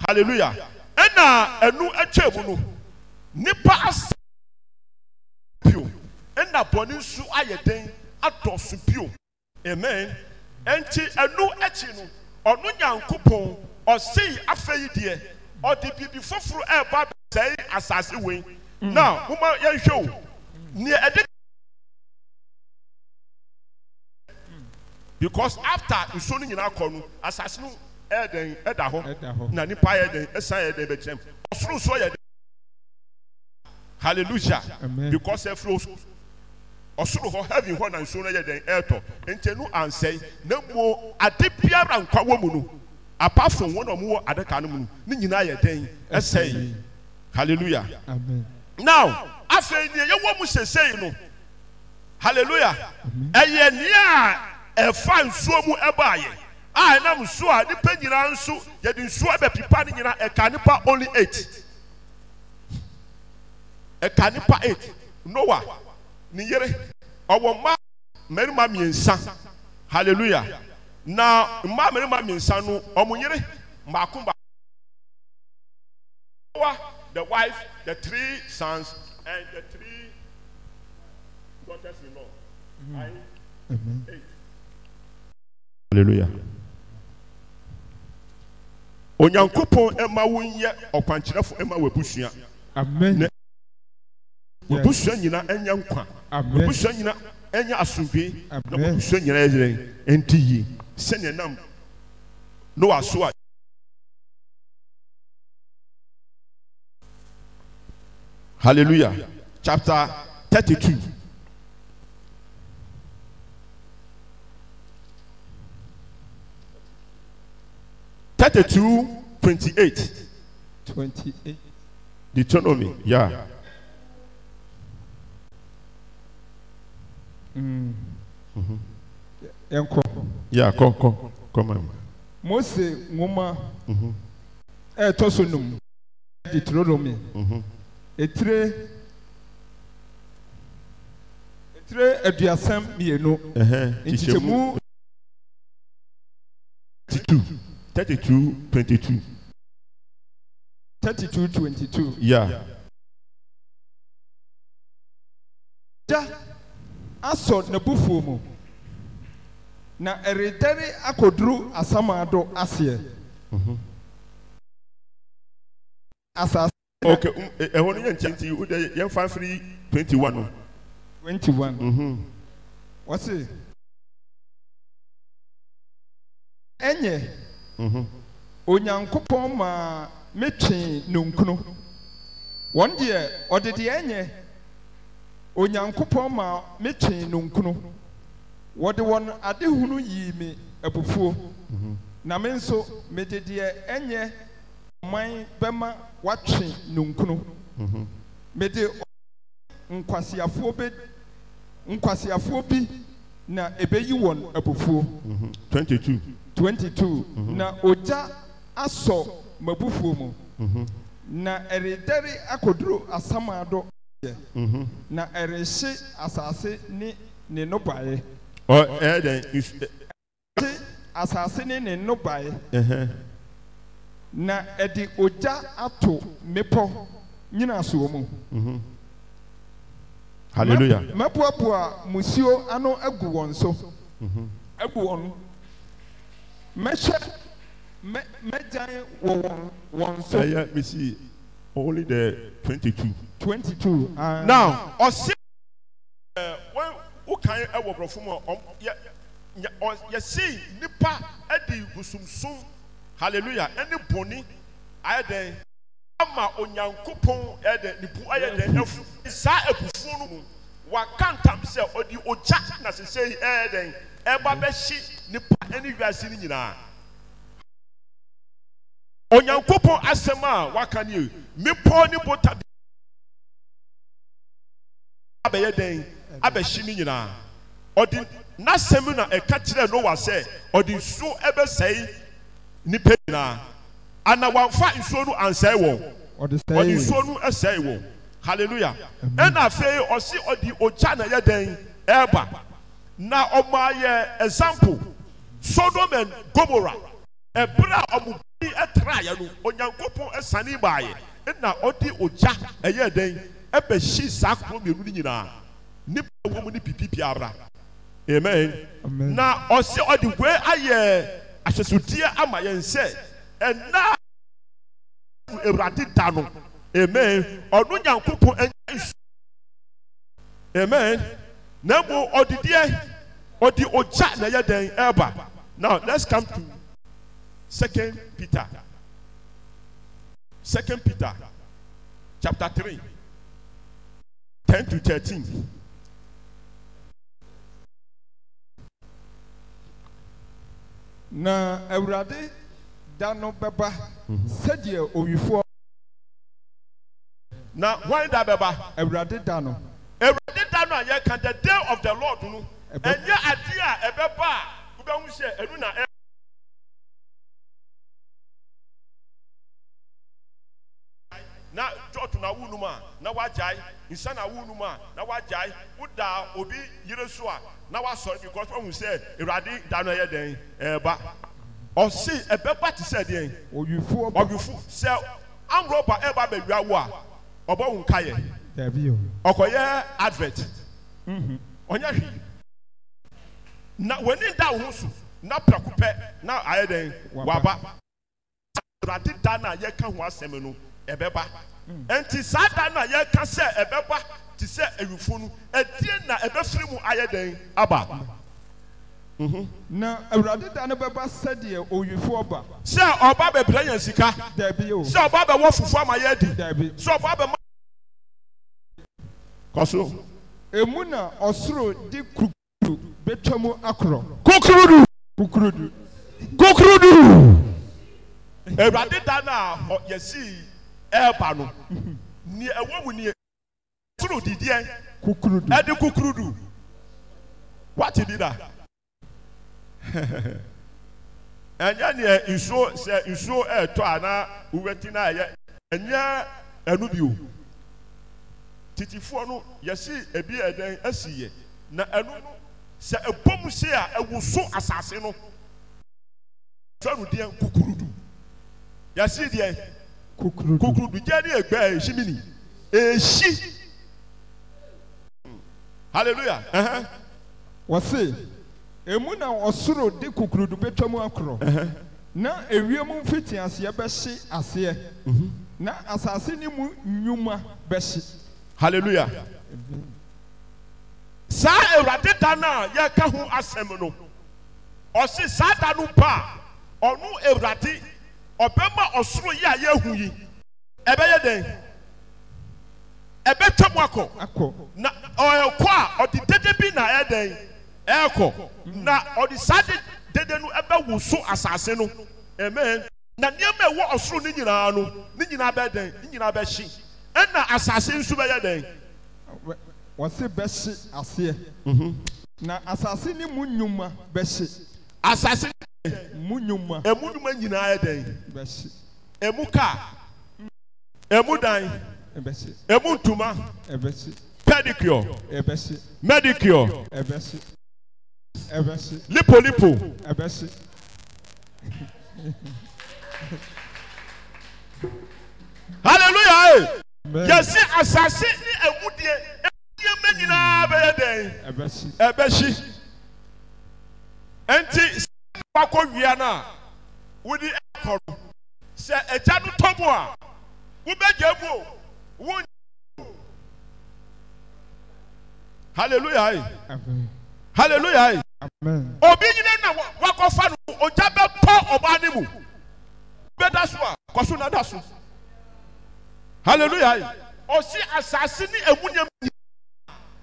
hallelujah ẹnna ẹnu ẹkyẹ mu no nipa asa pio ɛna bɔnni nso ayɛ den atɔso bio amen ɛnti ɛnu akyi no ɔno nyanko pon ɔsei afɛ yi deɛ ɔde bibi foforɔ ɛɛba. Eh, sɛɛ asase wei na mm. moma yɛnhwɛ o nea ɛde because after nsuo no nyinaa kɔ no asase no ɛda na nipa yɛ dɛn ɛsan yɛ dɛn ɔsoro nsuo yɛ dɛn hallelujah because ɛfiri ɔsoro hɔ hɔ na nsuo no yɛ dɛn ɛɛtɔ na mo ade biara nkwa wɔ mu no apart from wɔn a wɔn wɔ adaka no mu no hallelujah Amen. now afei deɛ yɛwɔ mu sesei no hallelujah ɛyɛ nea ɛfa nsuo mu ɛbaayɛ a ɛnam nsuo a nipa nyinaa nso yɛde nsuo ɛbɛpipa ne nyinaa ɛka nipa only eight ɛka nipa eight noa ne yere ɔwɔ mma mmarima mmiɛnsa hallelujah na mma mmarima mmiɛnsa no ɔmo yere mbaako mbaako. the wife, the three sons, and the three daughters in law. Mm. I, mm-hmm. eight. Hallelujah. Onyankopɔn ɛma wo nyɛ ɔkwankyerɛfo ɛma wo abusua. Amen. Wo abusua nyinaa ɛnyɛ nkwa. Amen. Wo abusua nyinaa ɛnyɛ asomdwe. Amen. Na wo abusua nyinaa yɛ yɛrɛ nti yie. Sɛnea nam Noa so a Hallelujah. Chapter thirty-two, Thirty-two, twenty-eight. Twenty-eight. Deuteronomy, yeah. Mm. Mm-hmm. Ẹnkọ. Yeah, kọ kọ kọ ma. Mose nwoma. Mm-hmm. Ẹ tọ́ so num. Deuteronomy. Mm-hmm. etire etire aduasa mmienu nkyekyɛmu thirty two thirty two twenty two thirty two twenty two ya gya asɔ n'abufuo mu na ɛredɛre akɔduru asamado aseɛ mhm. asase. ok ɛhɔ no yɛ nkyɛn ti o de 21 fa firi twenty one. twenty one. Mhm. Mhm. onyankopɔn metwe nonkunu wɔn deɛ ɔde deɛ ɛnyɛ onyankopɔn metwe nonkunu wɔde wɔn adehunu mhm. na me nso mede deɛ ɔman bɛma watwe ne mhm. mede nkwasiafoɔ bɛ nkwasiafoɔ bi na ɛbɛyi wɔn abufuo. Mhm. twenty two. twenty two mhm. na ogya asɔ mabufuo mu na ɛredɛre akɔduro asamado yɛ na ɛrehye asase ne ne nobaeɛ. ɔ ɛyɛ dɛ. ɛrehye asase ne ne nobaeɛ. na ɛde ogya ato mmepɔ nyina mu mm-hmm. hallelujah mɛboaboa musuo ano agu wɔn so mm-hmm. agu wɔn mɛhyɛ mɛ mɛgyan wɔ wɔn wɔn so. ɛyɛ misi only the twenty two. twenty two. Ah. now ɔsi ɛɛ wɔn wokan ɛwɔ borɔfo mu a ɔm yɛ yɛ ɔ yɛsi nipa ɛdi busumsum hallelujah ɛne bɔnni ayɛ dɛn ama onyankopɔn ɛyɛ dɛn ne bu ayɛ dɛn ɛfu saa ebufuo no mu waka ntam sɛ ɔde ogya na sese yi ɛyɛ dɛn ɛba bɛhye nipa ɛne wiase no nyinaa onyankopɔn asɛm a waka ne yɛ mepɔ ne bota bi abɛyɛ dɛn abɛhye ne nyinaa ɔde n'asɛm na ɛka kyerɛ nowa sɛ ɔde nsuo ɛbɛsɛe. nipa nyinaa ana wamfa nsuo no ansɛe wɔn ɔde nsuo no ɛsɛe wɔn hallelujah ɛna afei ɔsi ɔde ogya na ɛyɛ dɛn ɛɛba na ɔmo ayɛ example sodom and gomora ɛbere a ɔmo bi ɛtra ayɛ no onyankopɔn ɛsane baayɛ ɛna ɔde ogya ɛyɛ dɛn saa kuro nyinaa nipa wɔn mu pipi amen na ɔsi ɔde ayɛ. ahyɛsodeɛ ama yɛn sɛ ɛna awurade da no amen ɔno nyankopɔn anya nsu amen na mmom ɔdedeɛ ɔde ogya na ɛyɛ dɛn ɛreba now let's come to second peter second peter chapter three ten to thirteen. na awurade da no bɛba sɛdeɛ owifoɔ na wɔn da bɛba awurade da no awurade da no a yɛka the day of the lord no ɛnyɛ adeɛ a ɛbɛba a wobɛhu sɛ ɛnu na ɛ. na chọọchị na awu num a na wagyae nsa na awu num a na wagyae woda obi yere so a na wasɔre because ɔhu sɛ awurade da no ɛyɛ dɛn ɛɛba ɔsi ɛbɛba ti sɛ deɛ ɔwifu ɔwifu sɛ amrɔba ɛɛba bɛwia wo a ɔbɔ wo nka yɛ ɔkɔyɛ advert mhm. ɔnyɛ hwii na w'ani da wo so na prako na ayɛ dɛn waba awurade da no a yɛka ho asɛm no ɛbɛba nti saa da na yɛka sɛ ɛbɛba te sɛ awifo no ɛdie na ɛbɛfiri mu ayɛ dɛn aba mhm. na awurade da no bɛba sɛdeɛ owifo ɔba sɛ ɔba bɛbrɛ yɛn sika dabi o sɛ ɔba bɛwɔ fufu ama yɛ di dabi sɛ ɔba bɛma kɔso emu na ɔsoro di kukuru betwa mu akorɔ kukurudu kukurudu kukurudu awurade da na yɛsi. ɛɛba no nea ɛwɔ mu nie soro didiɛ kukurudu ɛde kukurudu wati di da ɛnyɛ nea nsuo sɛ nsuo ɛɛtɔ anaa uwɛti na ɛyɛ ɛnyɛ ɛnu bi o titifoɔ no yɛsi ebi ɛdɛn ɛsi yɛ na ɛnu no sɛ ebom se a ɛwoso asase no fɛnu deɛ kukurudu yɛsi deɛ. kukurudu kukurudu jẹ́ ní ẹgbẹ́ èsì mi ni èsì hallelujah. Uh-huh. wọ́n sè emu na ọ̀soro di kukurudu bẹ́tọ́ mu akọ̀rọ̀ na ewiem mfiti aseɛ bɛhye aseɛ na asase ni mu nnwuma bɛhye. hallelujah. saa ewurade da no a yɛka ho asɛm no ɔsi saa da no pa ɔno ewurade. ɔbɛma ọsoro yi a yɛhu yi ɛbɛyɛ dɛn ɛbɛtwa mu akọ, na ọkọ eh, a ɔde dede bi na ɛyɛ dɛn ẹkọ. Mm. na ɔde sadi de dede no ɛbɛwo so asase no amen na nneema ɛwɔ ọsoro ni nyinaa no ni nyinaa bɛyɛ dɛn ni nyinaa bɛhye ɛna asase nso bɛyɛ dɛn wɔsi bɛhye aseɛ mhm. na asase ne mu nnwuma bɛhye asase mu nnwuma ɛmu nnwuma nyinaa yɛ dɛn ɛmu kaa ɛmu dan ɛmu ntoma pedicure medicure lipolipo hallelujah eh? yasi asase ni ɛmu deɛ ɛmu deɛ mɛ nyinaa bɛyɛ dɛn ɛbɛsi ɛnti. ɛkɔ wia no a ụdị ɛkɔ no sɛ agya a wobɛgya mu o wonya hallelujah amen hallelujah amen obi nyina na wakɔfa no ogya bɛtɔ ɔbaa mu so a na da so hallelujah ɔsi asase ne emu nneɛma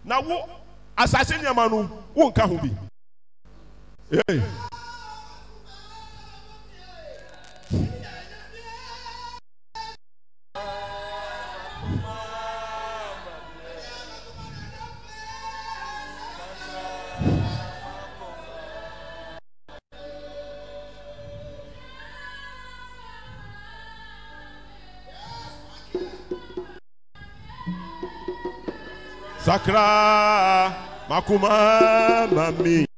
na wo asase nneɛma no wo bi. Sakra Makuma Mami.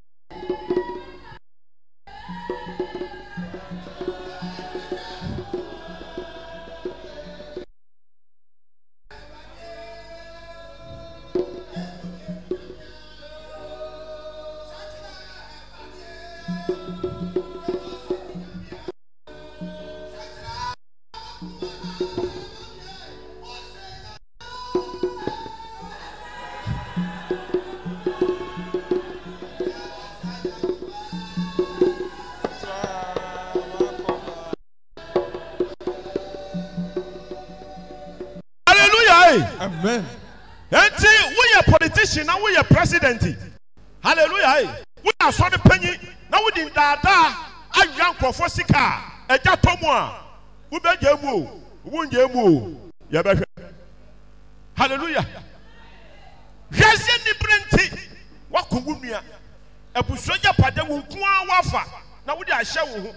wo ho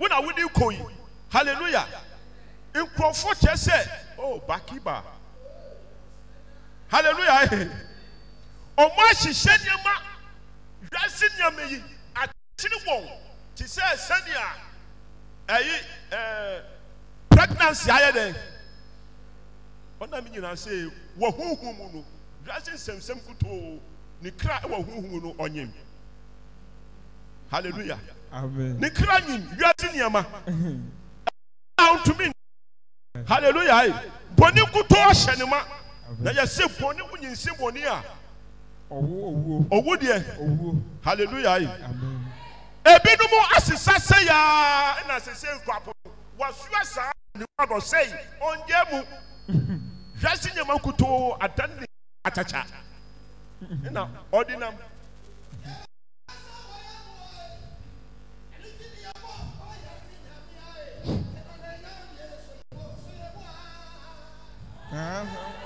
wo na hallelujah nkurɔfo kyɛ sɛ oh bakiba hallelujah ɔmo ahyehyɛ nneɛma wiase nneɛma yi akyere wɔn te sɛ sɛnea ɛyi ɛɛ eh, pregnancy ayɛ dɛ ɔnam nyinaa sɛ wɔ huhu mu no wiase nsɛmsɛm kutoo ne kra wɔ huhu mu no ɔnyem hallelujah. ne kra nyim wiase nneɛma ntumi halleluya bɔne kuto ahyɛ ne ma na yɛse bɔne wo nyinsi bɔne a ɔwu deɛ halleluya ebinom asesa sɛyaa ɛna asese nkwapo wasua saa nipa dɔ sɛi ɔnyɛ mu wiase nneɛma kuto adan ne akyakya ɛna ɔde nam Uh-huh.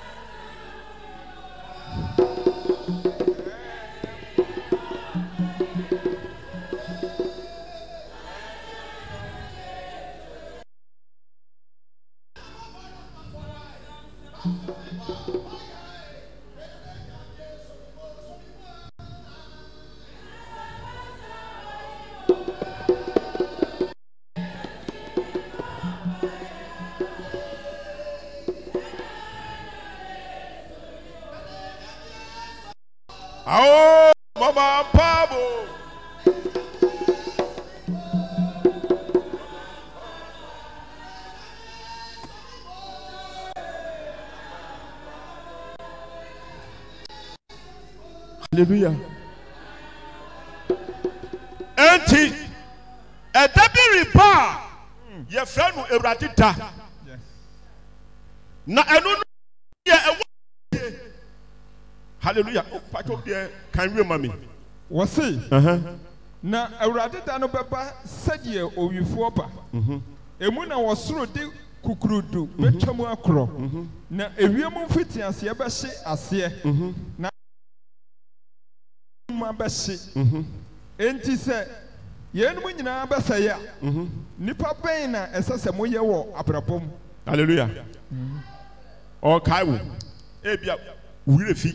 hallelujah enti ɛda bi riba a yɛfrɛ no awurade da na ɛno no yɛ ɛwɔ hallelujah patro deɛ kan wie ma mi. wɔ se na awurade da no bɛba sɛdeɛ owifoɔ ba emu na wɔsoro de kukurudu bɛtwa mu akorɔ na ewiem mfitiaseɛ bɛhye aseɛ na adwuma bɛhye mhm. enti sɛ yɛnum nyinaa bɛsɛyɛ a mhm. nipa bɛn na ɛsɛ sɛ moyɛ wɔ abrabɔ mu hallelujah mhm. ɔkae wo ebia wura fi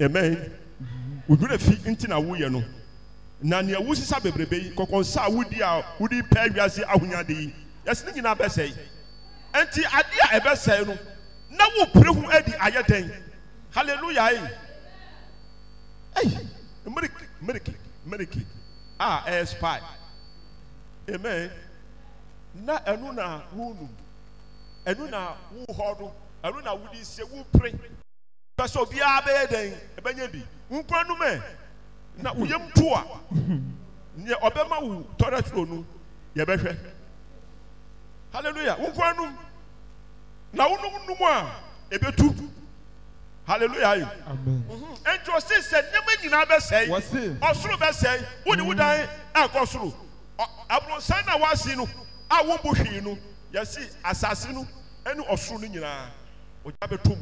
amen wura fi nti na woyɛ no na nea wosisa bebrebe yi kɔkɔ nsa a wodi a wodi pɛ wiase ahonyade yi yɛsi ne nyinaa bɛsɛe nti adeɛ a ɛbɛsɛe no na wo pere ho adi ayɛ dɛn hallelujah Hey, medically, medically, medically. Ah, a eh, spy. Amen. Na ɛnu na wunu, ɛnu na wuhɔ do, ɛnu na wudi se wupre. Pɛsɛ obiara bɛyɛ dɛn, ɛbɛnyɛ ebe Nkura nu mɛ, na wuyɛ mpu a, nea ɔbɛma wu toilet roll no, yɛbɛhwɛ. Hallelujah. Nkura nu, na wunu nu mu ebe ebetu. hallelujah amen nti ah, o si sɛ nneɛma nyinaa bɛ sɛɛ ɔsoro bɛ sɛɛ wodi wudan ɛkɔ soro aburosan na wasi no a ah, wɔn bu hwii no yɛsi asase no ɛne ɔsoro ni nyinaa ogya bɛ tom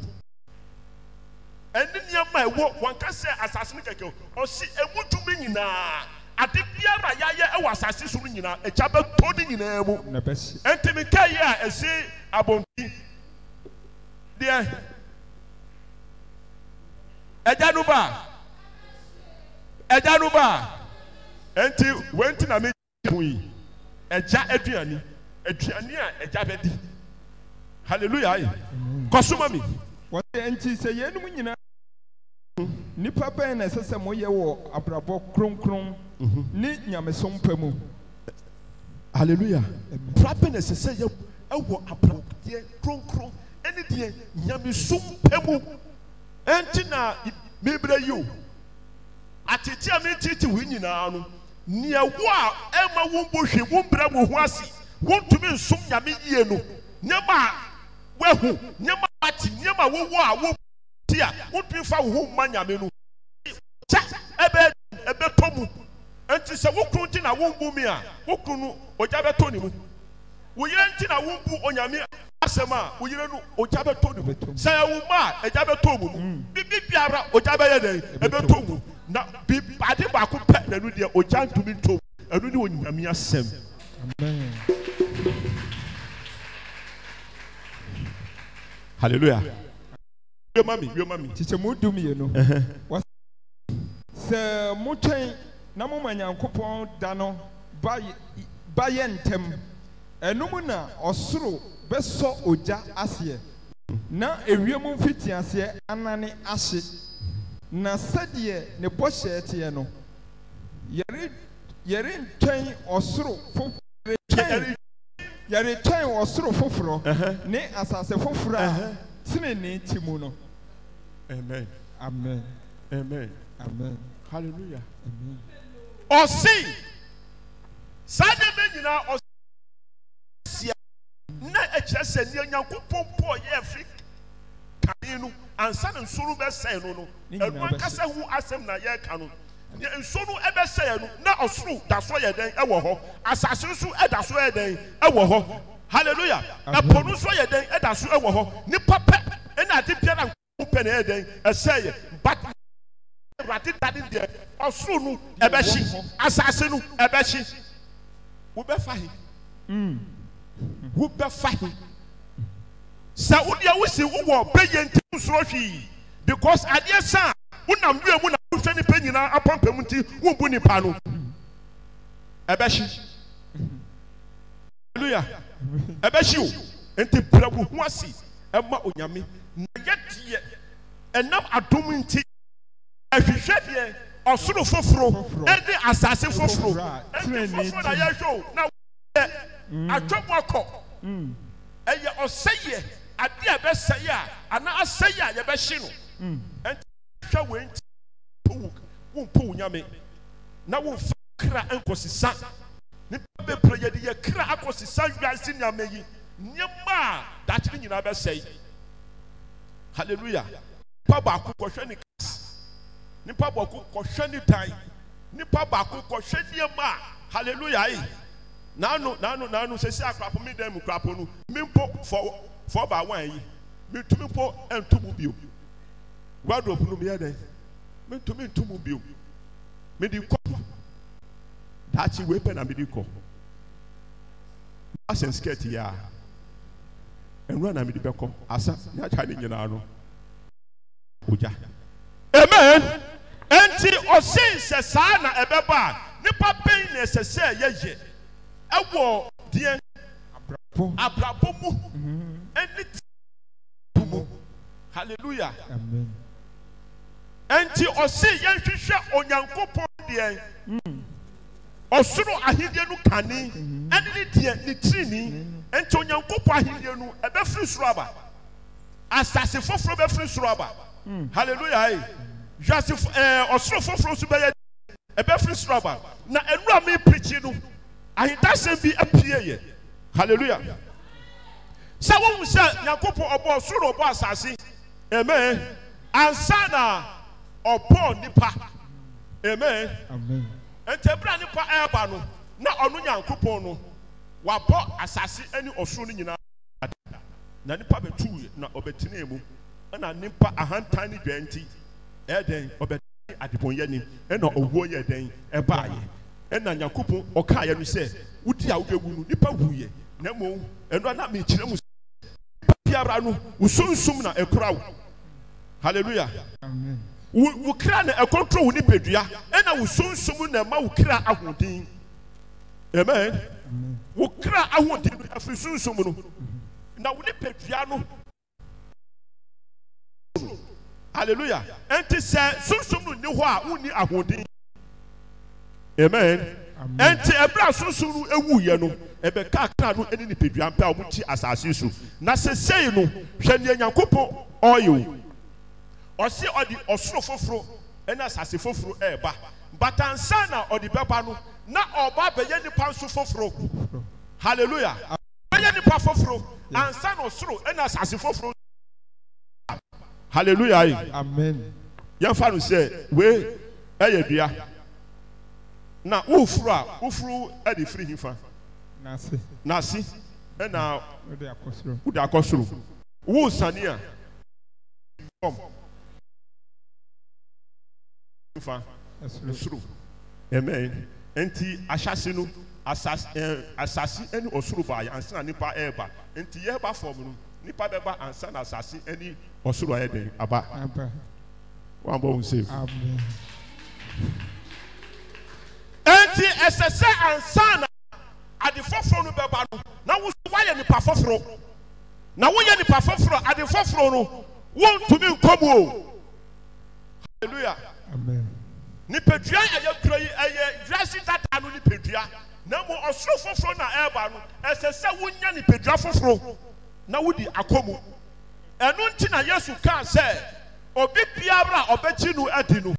ɛne nneɛma ɛwɔ wɔn asaasi asase no kɛkɛ ɔsi emu tumi nyinaa ade biara yɛayɛ ɛwɔ asaasi so nyinaa ɛkya bɛ tɔ ne nyinaa mu ntumi kɛyɛ a ɛsi abɔnten deɛ. ɛgya no ba ɛgya no ba nti wɛnti na mi gya mu yi ɛgya aduane aduane a ɛgya bɛ di hallelujah ayi kɔsuma mi. wɔte nti sɛ yɛnum nyinaa nipa bɛn na ɛsɛ sɛ moyɛ wɔ abrabɔ kronkron mhm. ne nyamesom pɛ mu. hallelujah bra bɛn na ɛsɛ sɛ yɛ ɛwɔ abrabɔ deɛ kronkron ɛne deɛ nyamesom pɛ mu ɛnti na mibire yi o atete a mi titi wo nyinaa no nea wo a ɛma wo bɔ hwɛ wo mbira wo ho ase wo ntumi nsom nyame yie no nneɛma a wahu nneɛma a wate nneɛma a wowɔ a wo a wo ntumi fa wo ho mma nyame no kyɛ ɛbɛ ɛbɛtɔ mu ɛnti sɛ wo kunu ti na wo mbu mi a wo kunu no ɔgya bɛtɔ ne mu wo yere nti na wo bu onyame asɛm a wo yere no ogya bɛtɔ ne mu sɛ ɛwo ma a ɛgya bɛtɔ mu no bibi biara ogya bɛyɛ dɛ ɛbɛtɔ mu na bi ade baako pɛ na ɛnu deɛ ntumi ntɔ mu ɛnu ne onyame hallelujah. wiye mami wiye mami. kyikyɛ mu du mmienu. sɛ mo twɛn na mo ma nyankopɔn da no ba yɛ ntɛm. ɛnum na ɔsoro bɛsɔ ogya aseɛ na ewiem mfitiaseɛ anane ahye na sɛdeɛ ne bɔhyɛ teɛ no yɛre yɛrentwɛn ɔsoro foforɔ yɛretwɛn ɔsoro foforɔ ne asase foforɔ a tenene ti mu no amen amen amen amen hallelujah amen ɔsi saa de ɔsi. na ɛkyerɛ sɛ deɛ nyankopɔn pɔɔ yɛ fi kane no ansa ne nso no bɛsɛe no no ɛnu ankasa hu asɛm na yɛreka no deɛ nso no no na ɔsoro da so yɛ dɛn ɛwɔ hɔ asase nso ɛda yɛ dɛn ɛwɔ hɔ hallelujah ɛpo no nso yɛ dɛn ɛda ɛwɔ hɔ nipa pɛ ɛna adi biara nkɔmɔ pɛ na yɛ dɛn ɛsɛe yɛ but awurade dade deɛ ɔsoro no ɛbɛhyi asase no ɛbɛhyi wobɛfa he. Mm wobɛfa he sɛ wodeɛ wosi wowɔ bɛyɛ nti wosoro hwii because adeɛ sa a wonam wia mu na wohwɛ nipa nyinaa apampam nti wombu nipa no ɛbɛhye hallelujah ɛbɛhye o nti brɛ wo ho ase ɛma onyame na yɛdeɛ ɛnam adom nti ahwehwɛ deɛ ɔsoro foforo ɛde asase foforo ɛnti foforo na yɛhwɛ o na woyɛ atwam mm. akɔ mm. ɛyɛ ɔsɛyɛ ade a ɛbɛsɛyɛ a anaa asɛyɛ a yɛbɛhye no mm. ɛnti hwɛ wɔn ti powu wompo wo nyame na womfa kra nkɔsisa nnipa bebree yɛde yɛ kra akɔsisa wiase nyame yi nneɛma a daakye no nyinaa bɛsɛe Hallelujah. nipa baako kɔhwɛ ne kas nipa baako kɔhwɛ ne dan nipa baako kɔhwɛ nneɛma a halleluya yi. n'anu n'anu n'anu sisi akorapɔ mi dɛm korapɔ no mi mpo fɔ fɔ ba wan yi mi tumi mpo ɛntumu bio wardrobe no mi yɛ dɛ mi tumi ntumu bio mi di kɔ daakye wei pɛ na mi di kɔ ahyɛ skɛti yɛ a nwura na mi di bɛ kɔ asa ne akya ne nyinaa no ogya amen ɛnti ɔsi nsɛ saa na ɛbɛbɔ a nipa bɛyi na ɛsɛ yɛ yɛ ɛwɔ deɛ abrabɔ mu ɛne mhm. tu mu hallelujah ɛnti ɔsi yɛn hwehwɛ onyankopɔn deɛ hmm. ɔsoro ahideɛ no kane mhm. ɛne ne deɛ ne tirini ɛnti onyankopɔn ahideɛ no ɛbɛfiri soro aba asase foforɔ bɛfiri soro aba hmm. hallelujah ayi eh. hwase ɛɛ eh, ɔsoro foforɔ nso bɛyɛ ɛbɛfiri soro aba na nnura mi pirikyi no. ahintasɛm bi apue yɛ hallelujah sɛ wohu sɛ nyankopɔn ɔbɔ soro ɔbɔ asase amen ansa na ɔbɔ nipa amen ntɛbira nipa ɛɛba no na ɔno nyankopɔn no wabɔ asase ɛne ɔsoro no nyinaa na nipa bɛtu na ɔbɛtena mu ɛna nipa ahantan ne dwa nti ɛɛdɛn ɔbɛtena adebɔnyɛ ni ɛna owuo yɛ dɛn ɛbaayɛ. ɛna nyankopɔn ɔkaayɛ no sɛ wodi a wobɛwu no nipa wuyɛ na mmom ɛno ana mekyerɛ mu nipa biara no wo na ɛkora wo halleluya wo kra na ɛkɔntoro wo ne badua ɛna wo sunsum na ɛma wo kra ahoɔden amen wo kra ahoɔden no afiri sunsum no na wo ne no halleluya ɛnti sɛ sunsum no nni hɔ a wonni ahoɔden amen ɛnti ɛbrɛ asunsun no ewu yɛ no ɛbɛ kaa no ɛne nipadua mpɛ a wɔn ti asaase so na sesei no hwɛ nea nyankopɔ ɔyɛ o ɔsi ɔde ɔsoro foforo ɛne asaase foforo ɛɛba batansa na ɔde bɛba no na ɔba bɛyɛ nipa nso foforo hallelujah bɛyɛ nipa foforo ansa na ɔsoro ɛna asaase foforo hallelujah amen yɛn fa no sɛ wei ɛyɛ dua. na wofuru a wofuru de firi hifa n'ase ɛna wode akɔ soro wosane a fam nifa soro amen nti ahyase no asase ɛɛ asase ɛne ɔsoro ba ansa na nipa ɛɛba nti yɛɛba fam no nipa bɛba ansa na asase ɛne ɔsoro ayɛ den aba wɔn abɔ wɔn nsam. enti ɛsɛ sɛ ansa na ade foforɔ no bɛba no na woso woayɛ nipa foforɔ na woyɛ nipa foforɔ ade foforɔ no wontumi nkɔm o hallelujah nipadua ɛyɛ kura yi ɛyɛ wiase dada no nipadua na mo ɔsoro foforɔ na ɛreba no ɛsɛ sɛ wonya nipadua foforɔ na wodi akɔmu ɛno nti na yesu kaa sɛ obi biara a ɔbɛkyi no adi no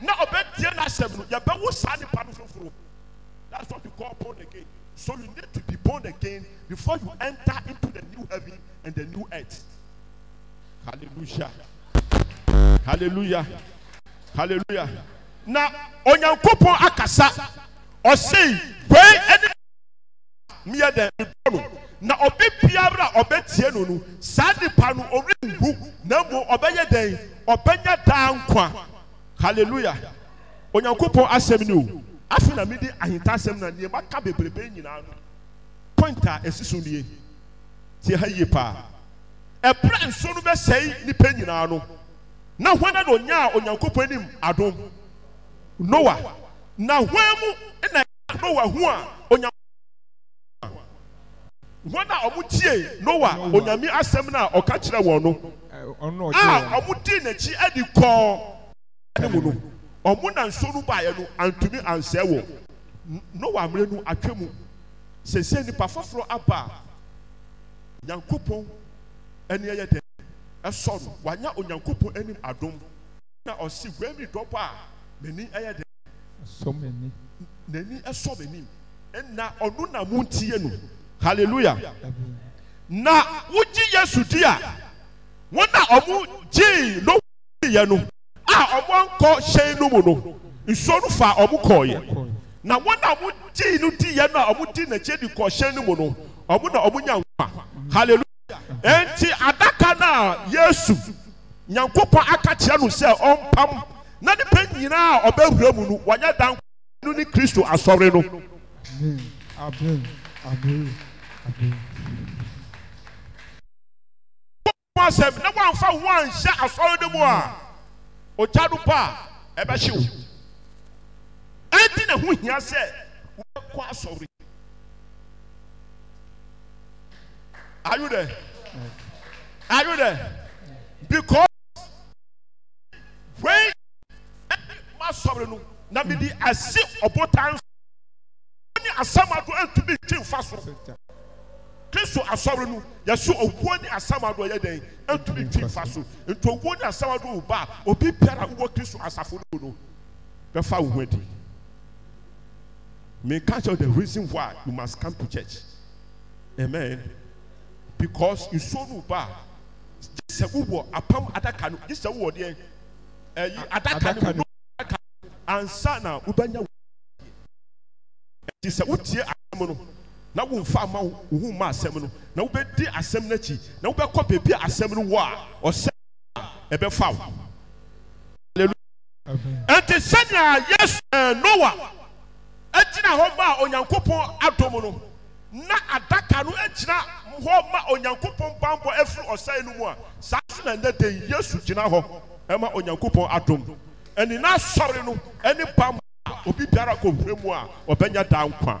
na ɔbɛtie n'asɛm no yɛbɛwo saa nipa no foforɔ that's what we call born again so you need to be born again before you enter into the new heaven and the new earth hallelujah hallelujah hallelujah na onyankopɔn akasa ɔsei wei ɛne miɛ dɛ ebɔ na ɔbɛ biara ɔbɛtie no no saa nipa no ɔrenwu na mmom ɔbɛyɛ dɛn ɔbɛnya daa nkwa. hallelujah onyankopɔn asɛm ni o afei na mede ahenta asɛm na nneɛma ka bebrebe nyinaa no point a ɛsi so nie tie ha yie paa ɛbrɛ nso no bɛsɛe nipa nyinaa no na hwan na onyaa onyankopɔn anim adom noa na hwan mu na noa ho a onyankopɔn wọn a wɔn tie noa onyame asɛm na ɔka kyerɛ wɔn no a wɔn di n'akyi adi kɔɔ. ɛka mu no ɔmo na nsuo no baayɛ no antumi ansɛɛ wɔ nowa mmerɛ no atwa mu sese nipa foforɔ aba nyankopɔn ɛni ɛyɛ dɛ ɛsɔ no wanya onyankopɔn anim adom na ɔsi wɛmi dɔbɔ a n'ani ɛyɛ dɛ ɛsɔ m'ani n'ani ɛsɔ m'anim ɛna ɔno na mo ntie no hallelujah na wogye yesu di a wɔn a ɔmo gyee no wɔn yɛ no. a ɔmo nkɔ hyɛn no mu no nsuo no fa ɔmo kɔɔyɛ na wɔn a ɔmo gyi no di yɛ no a ɔmo di n'akyi de kɔ hyɛn no mu no ɔmo na ɔmo nya nkwa hallelujah nti adaka na yesu nyankopɔn aka no sɛ ɔmpam na nipa nyinaa a ɔbɛwura mu no wɔnyɛ dan no ne kristo asɔre no. asɛm na wɔamfa ho asɔre no mu a ogya pa a ɛbɛhye wo ɛnti na ho hia sɛ wobɛkɔ asɔre are you there are you there because when masɔre nu na mede asi ɔbotan ne asɛm ado antumi nkye mfa so kristu asɔre no yɛsɛ owuo ne asamado yɛ dɛn ɛntumi twi nfa so nti owuo ne asamado wo ba obi biara wɔ kristu asafo no no bɛfa wo ho adi may catch out the reason why you must come to church amen because nsuo no ba sɛ wowɔ apam adaka no gye sɛ wowɔ deɛ ɛyi adaka no no adaka ansa na wobɛnya wo ɛti sɛ wotie no na womfa ama wo hu ma asɛm no na wobɛdi asɛm no akyi na wobɛkɔ baabi a asɛm no wɔ a ɔsɛ a ɛbɛfa wo ɛnti sɛnea yesu eh, noa agyina hɔ ma a onyankopɔn adom no na adaka no agyina hɔ ma onyankopɔn bambɔ afiri ɔsɛe no mu a saa so na ɛnɛ den yesu gyina hɔ ɛma onyankopɔn adom ɛne n'asɔre no ɛne bambɔ a obi biara kɔhwɛ mu a ɔbɛnya daa nkwa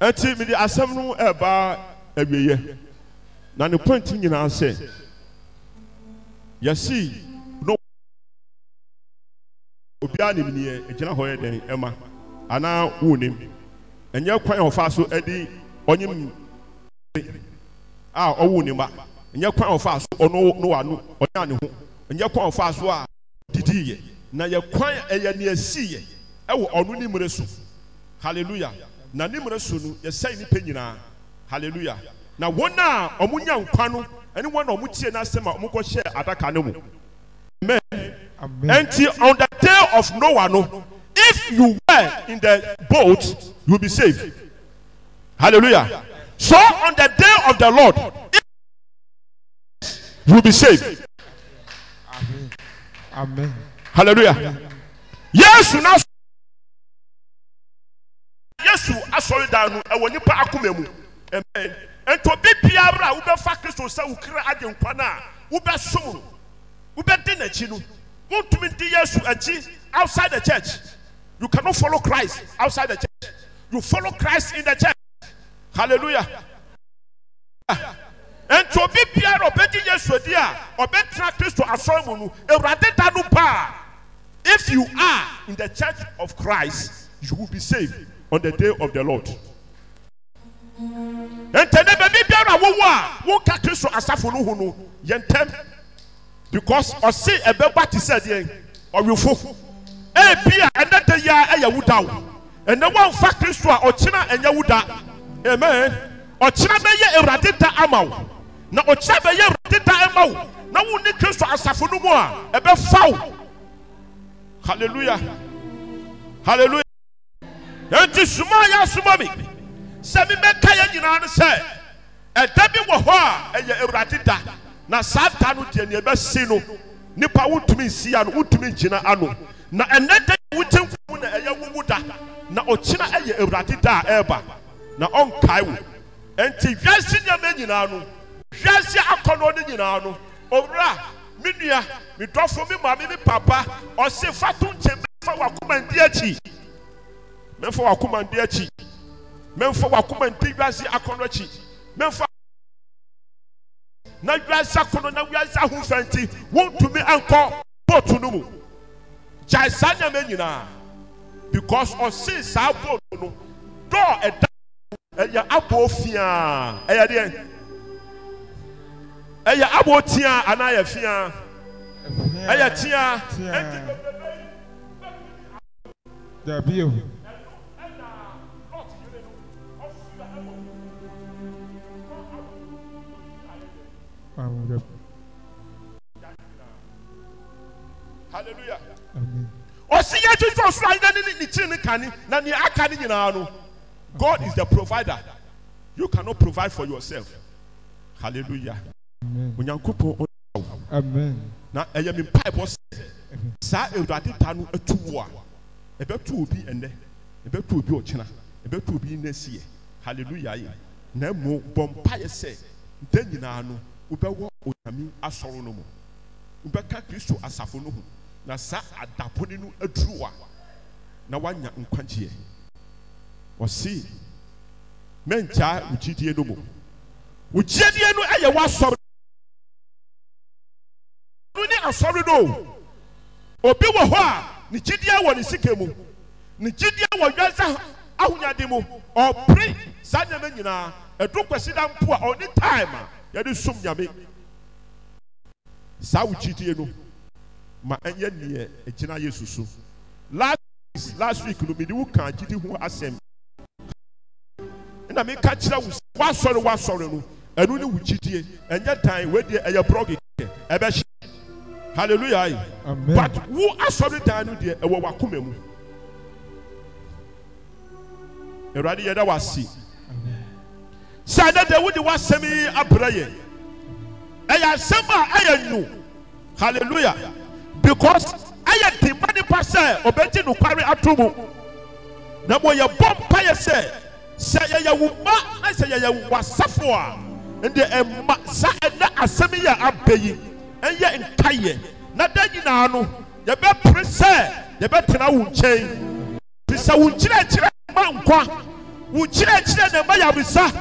ɛti mede asɛm no ɛba awieyɛ na ne point nyinaa sɛ yɛsi no obiara nim neɛ ɛgyina hɔ yɛ dɛn ɛma anaa wonim ɛnyɛ kwan a ɔfa so ɛde ɔnyim a ɔwɔ ne mma nyɛ kwan ɔfa so ɔno no wano ɔnya ne ho nyɛ kwan ɔfa a didi na ya kwan ɛyɛ nea si yɛ ɛwɔ so hallelujah na ne mmerɛ so no yɛsɛn nipa nyinaa hallelujah na wɔn a wɔn nya nkwa no ɛne wɔn a wɔn tie n'asɛm a wɔn kɔ hyɛ adaka no amen ɛnti on the day of noah no if you were in the boat you be saved. Hallelujah. So on the day of the Lord, you will be saved. Amen. Amen. Hallelujah. Yes, now. Yes, asọrọ dànù ẹwọ nípa akúmẹ mu ẹmẹ ntọbi biara wọbẹ be kristu sẹ wọkiri adi nkwa náà wọbẹ sọmọ wọbẹ di n'akyi no wọn tumi di yesu outside the church you cannot follow christ outside the church you follow christ in the church. hallelujah nti obi biara ɔbɛgye yesu adi a ɔbɛtena kristo asɔre mu no awurade da paa if you are in the church of christ you will be saved on the day of the lord ntɛnɛ bɛbi biara wowo a woka kristo asafo no ho no yɛ ntɛm because ɔse ɛbɛba ti sɛ deɛ ɔwefo ebi a ɛnɛ ya yi a ɛyɛ wudaw ɛnɛ wɔnfa kristo a ɔkyena ɛnyɛ wuda amen ɔkyerɛ bɛyɛ awurade da ama wo na ɔkyerɛ bɛyɛ awurade da ama wo na wo ne kristo asafo no mu a ɛbɛfa wo hallelujah hallelujah enti suma a yɛasoma me sɛ mebɛka yɛ nyinaa no sɛ ɛda bi wɔ hɔ a ɛyɛ awurade da na saa da no deɛ neɛ ɛbɛsi no nipa wotumi nsi ano wotumi ngyina ano na ɛnɛ da wotemfumu na ɛyɛ wowu da na ɔkyena ɛyɛ awurade da a ɛreba na ɔnkae wo nti wiase nneɛma nyinaa no wiase akɔnɔ no nyinaa no owura me nua me dɔfo me maame me papa ɔse fa to nkyɛn mɛfa wakomandi akyi mɛfa wakomandi akyi mɛfa wakomandi wiase akɔnɔ akyi mɛfa na wiase akɔnɔ na wiase ahofa nti wɔntumi nkɔ bootu no mu gyae saa nneɛma nyinaa because ɔse saa bootu no dɔɔ ɛda ɛyɛ aboɔ fiaa ɛyɛ deɛ ɛyɛ aboɔ tia anaa yɛ fiaa ɛyɛ tia ɛnti dabi o. hallelujah ɔsi yɛ tuntun ɔsoro anyi na ne tiri ne kane na ni aka ne nyinaa no. God is the provider. You cannot provide for yourself. Hallelujah. Amen. Amen. Na ɛyɛ mi mpaebɔ sɛ saa awurade ta no etu wo a ɛbɛtu obi ɛnɛ ɛbɛtu obi ɔkyena ɛbɛtu obi nɛsiɛ hallelujah yi na emu bɔ mpaeɛ sɛ nta nyinaa no wobɛwɔ onyame asɔre no mu wobɛka kristo asafo no ho na saa adapɔne no aduru wo a Now, woanya nkwagyeɛ. ɔsi mɛnkyaa wo gyidie no mu wo gyidie no yɛ w'asɔre no ne asɔre no obi wɔ hɔ a ne gyidie wɔ ne sika mu ne gyidie wɔ yɛnsa ahonyade mu ɔpere saa nneɛma nyinaa ɛdu kwasi da mpo a ɔne time a yɛde som nyame saa wo gyidie no ma ɛnyɛ neɛ ɛgyina yesu so last week last week no mede wo kaa gyidi ho asɛm na meka kyerɛ wo sɛ woasɔre woasɔre no ɛno ne wo gyidie ɛnyɛ dan weideɛ ɛyɛ brɔge kɛ ɛbɛhye hallelujah ayi but wo asɔre dan no deɛ ɛwɔ wakoma mu awurade yɛda wase sɛ ɛnɛ deɛ wode w'asɛm yi abrɛ yɛ ɛyɛ asɛm a ɛyɛ nwu hallelujah because ɛyɛ de ma nipa sɛ ɔbɛgye nokware ato mu na mo yɛ bɔ mpa yɛ sɛ sɛ yɛyɛ wo ma na sɛ yɛyɛ wasafo a ndeɛ ɛma sa ɛnɛ asɛm yɛ abɛ yi ɛyɛ nkaeɛ na da nyinaa no yɛbɛpere sɛ yɛbɛtena wo nkyɛn firi sɛ wo nkyerɛkyerɛ ma nkwa wo nkyerɛkyerɛ na ɛma yabisa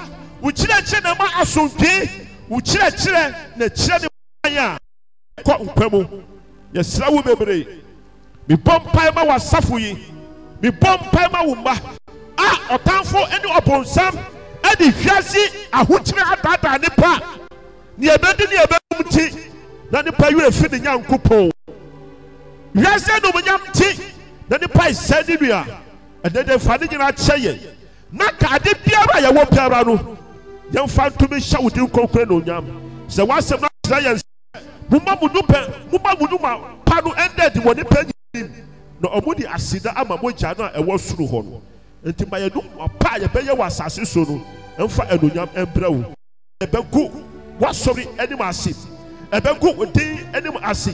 wo kyerɛkyerɛ na ɛma asomdwee wo kyerɛkyerɛ na kyerɛ ne kwan a kɔ nkwa mu yɛsrɛ wo bebree mebɔ mpae ma w'asafo yi mebɔ mpae ma wo mma a ɔtanfo ne ɔbɔnsam de hwiase ahokyere adaadaa nipa ne yɛbɛdi ne yɛbɛdum ti na nipa werɛ fi ne nyankopɔn hwiase nomnyam ti na nipa ɛsɛ ne nua ɛnɛ fa ne nyinaa kyɛ yɛ na ka biara a yɛwɔ biara no yɛmfa ntumi hyɛ wo din kɔnkɔn na onyam sɛ wasɛm no akyerɛ yɛn sɛ moma mu nupɛ moma mu numa pa no ɛndɛ de wɔ nipa nyinaa na ɔmo de aseda ama mogya no a ɛwɔ soro hɔ no nti ma yɛnu ɔpa a yɛbɛyɛ wɔ asase so no mfa anuonyam mbrɛ wo yɛbɛgu wasɔre anim ase ɛbɛgu odin anim ase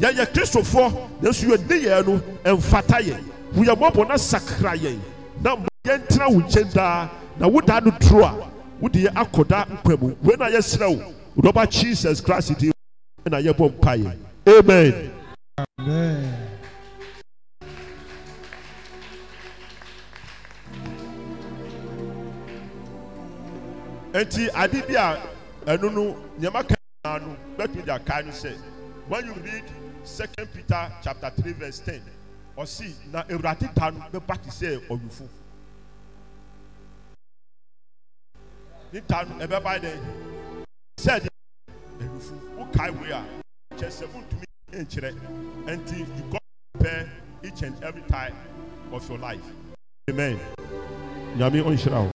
yɛyɛ kristofoɔ nanso yɛni yɛn no mfata yɛn hu yɛn mɔbɔ na sakra yɛn na ma yɛn tena wo nkyɛn daa na wo daa no duro a wode yɛ akɔda nkwa mu wei na yɛsrɛ wo wodɔba jesus christ din na yɛbɔ mpa yɛn amen. amen. nti ade bi a ɛno no nneɛma ka nyinaa no bɛtumi de aka no sɛ when you read second peter chapter three verse ten ɔsi na ewurade ta no bɛba te sɛ ɔyufo ne ta no ɛbɛba dɛ sɛ ɛdi ɛyufo wokae wei a kyɛ sɛ wontumi nkyerɛ nti you go prepare each and every time of your life amen nyame ɔnhyira wo.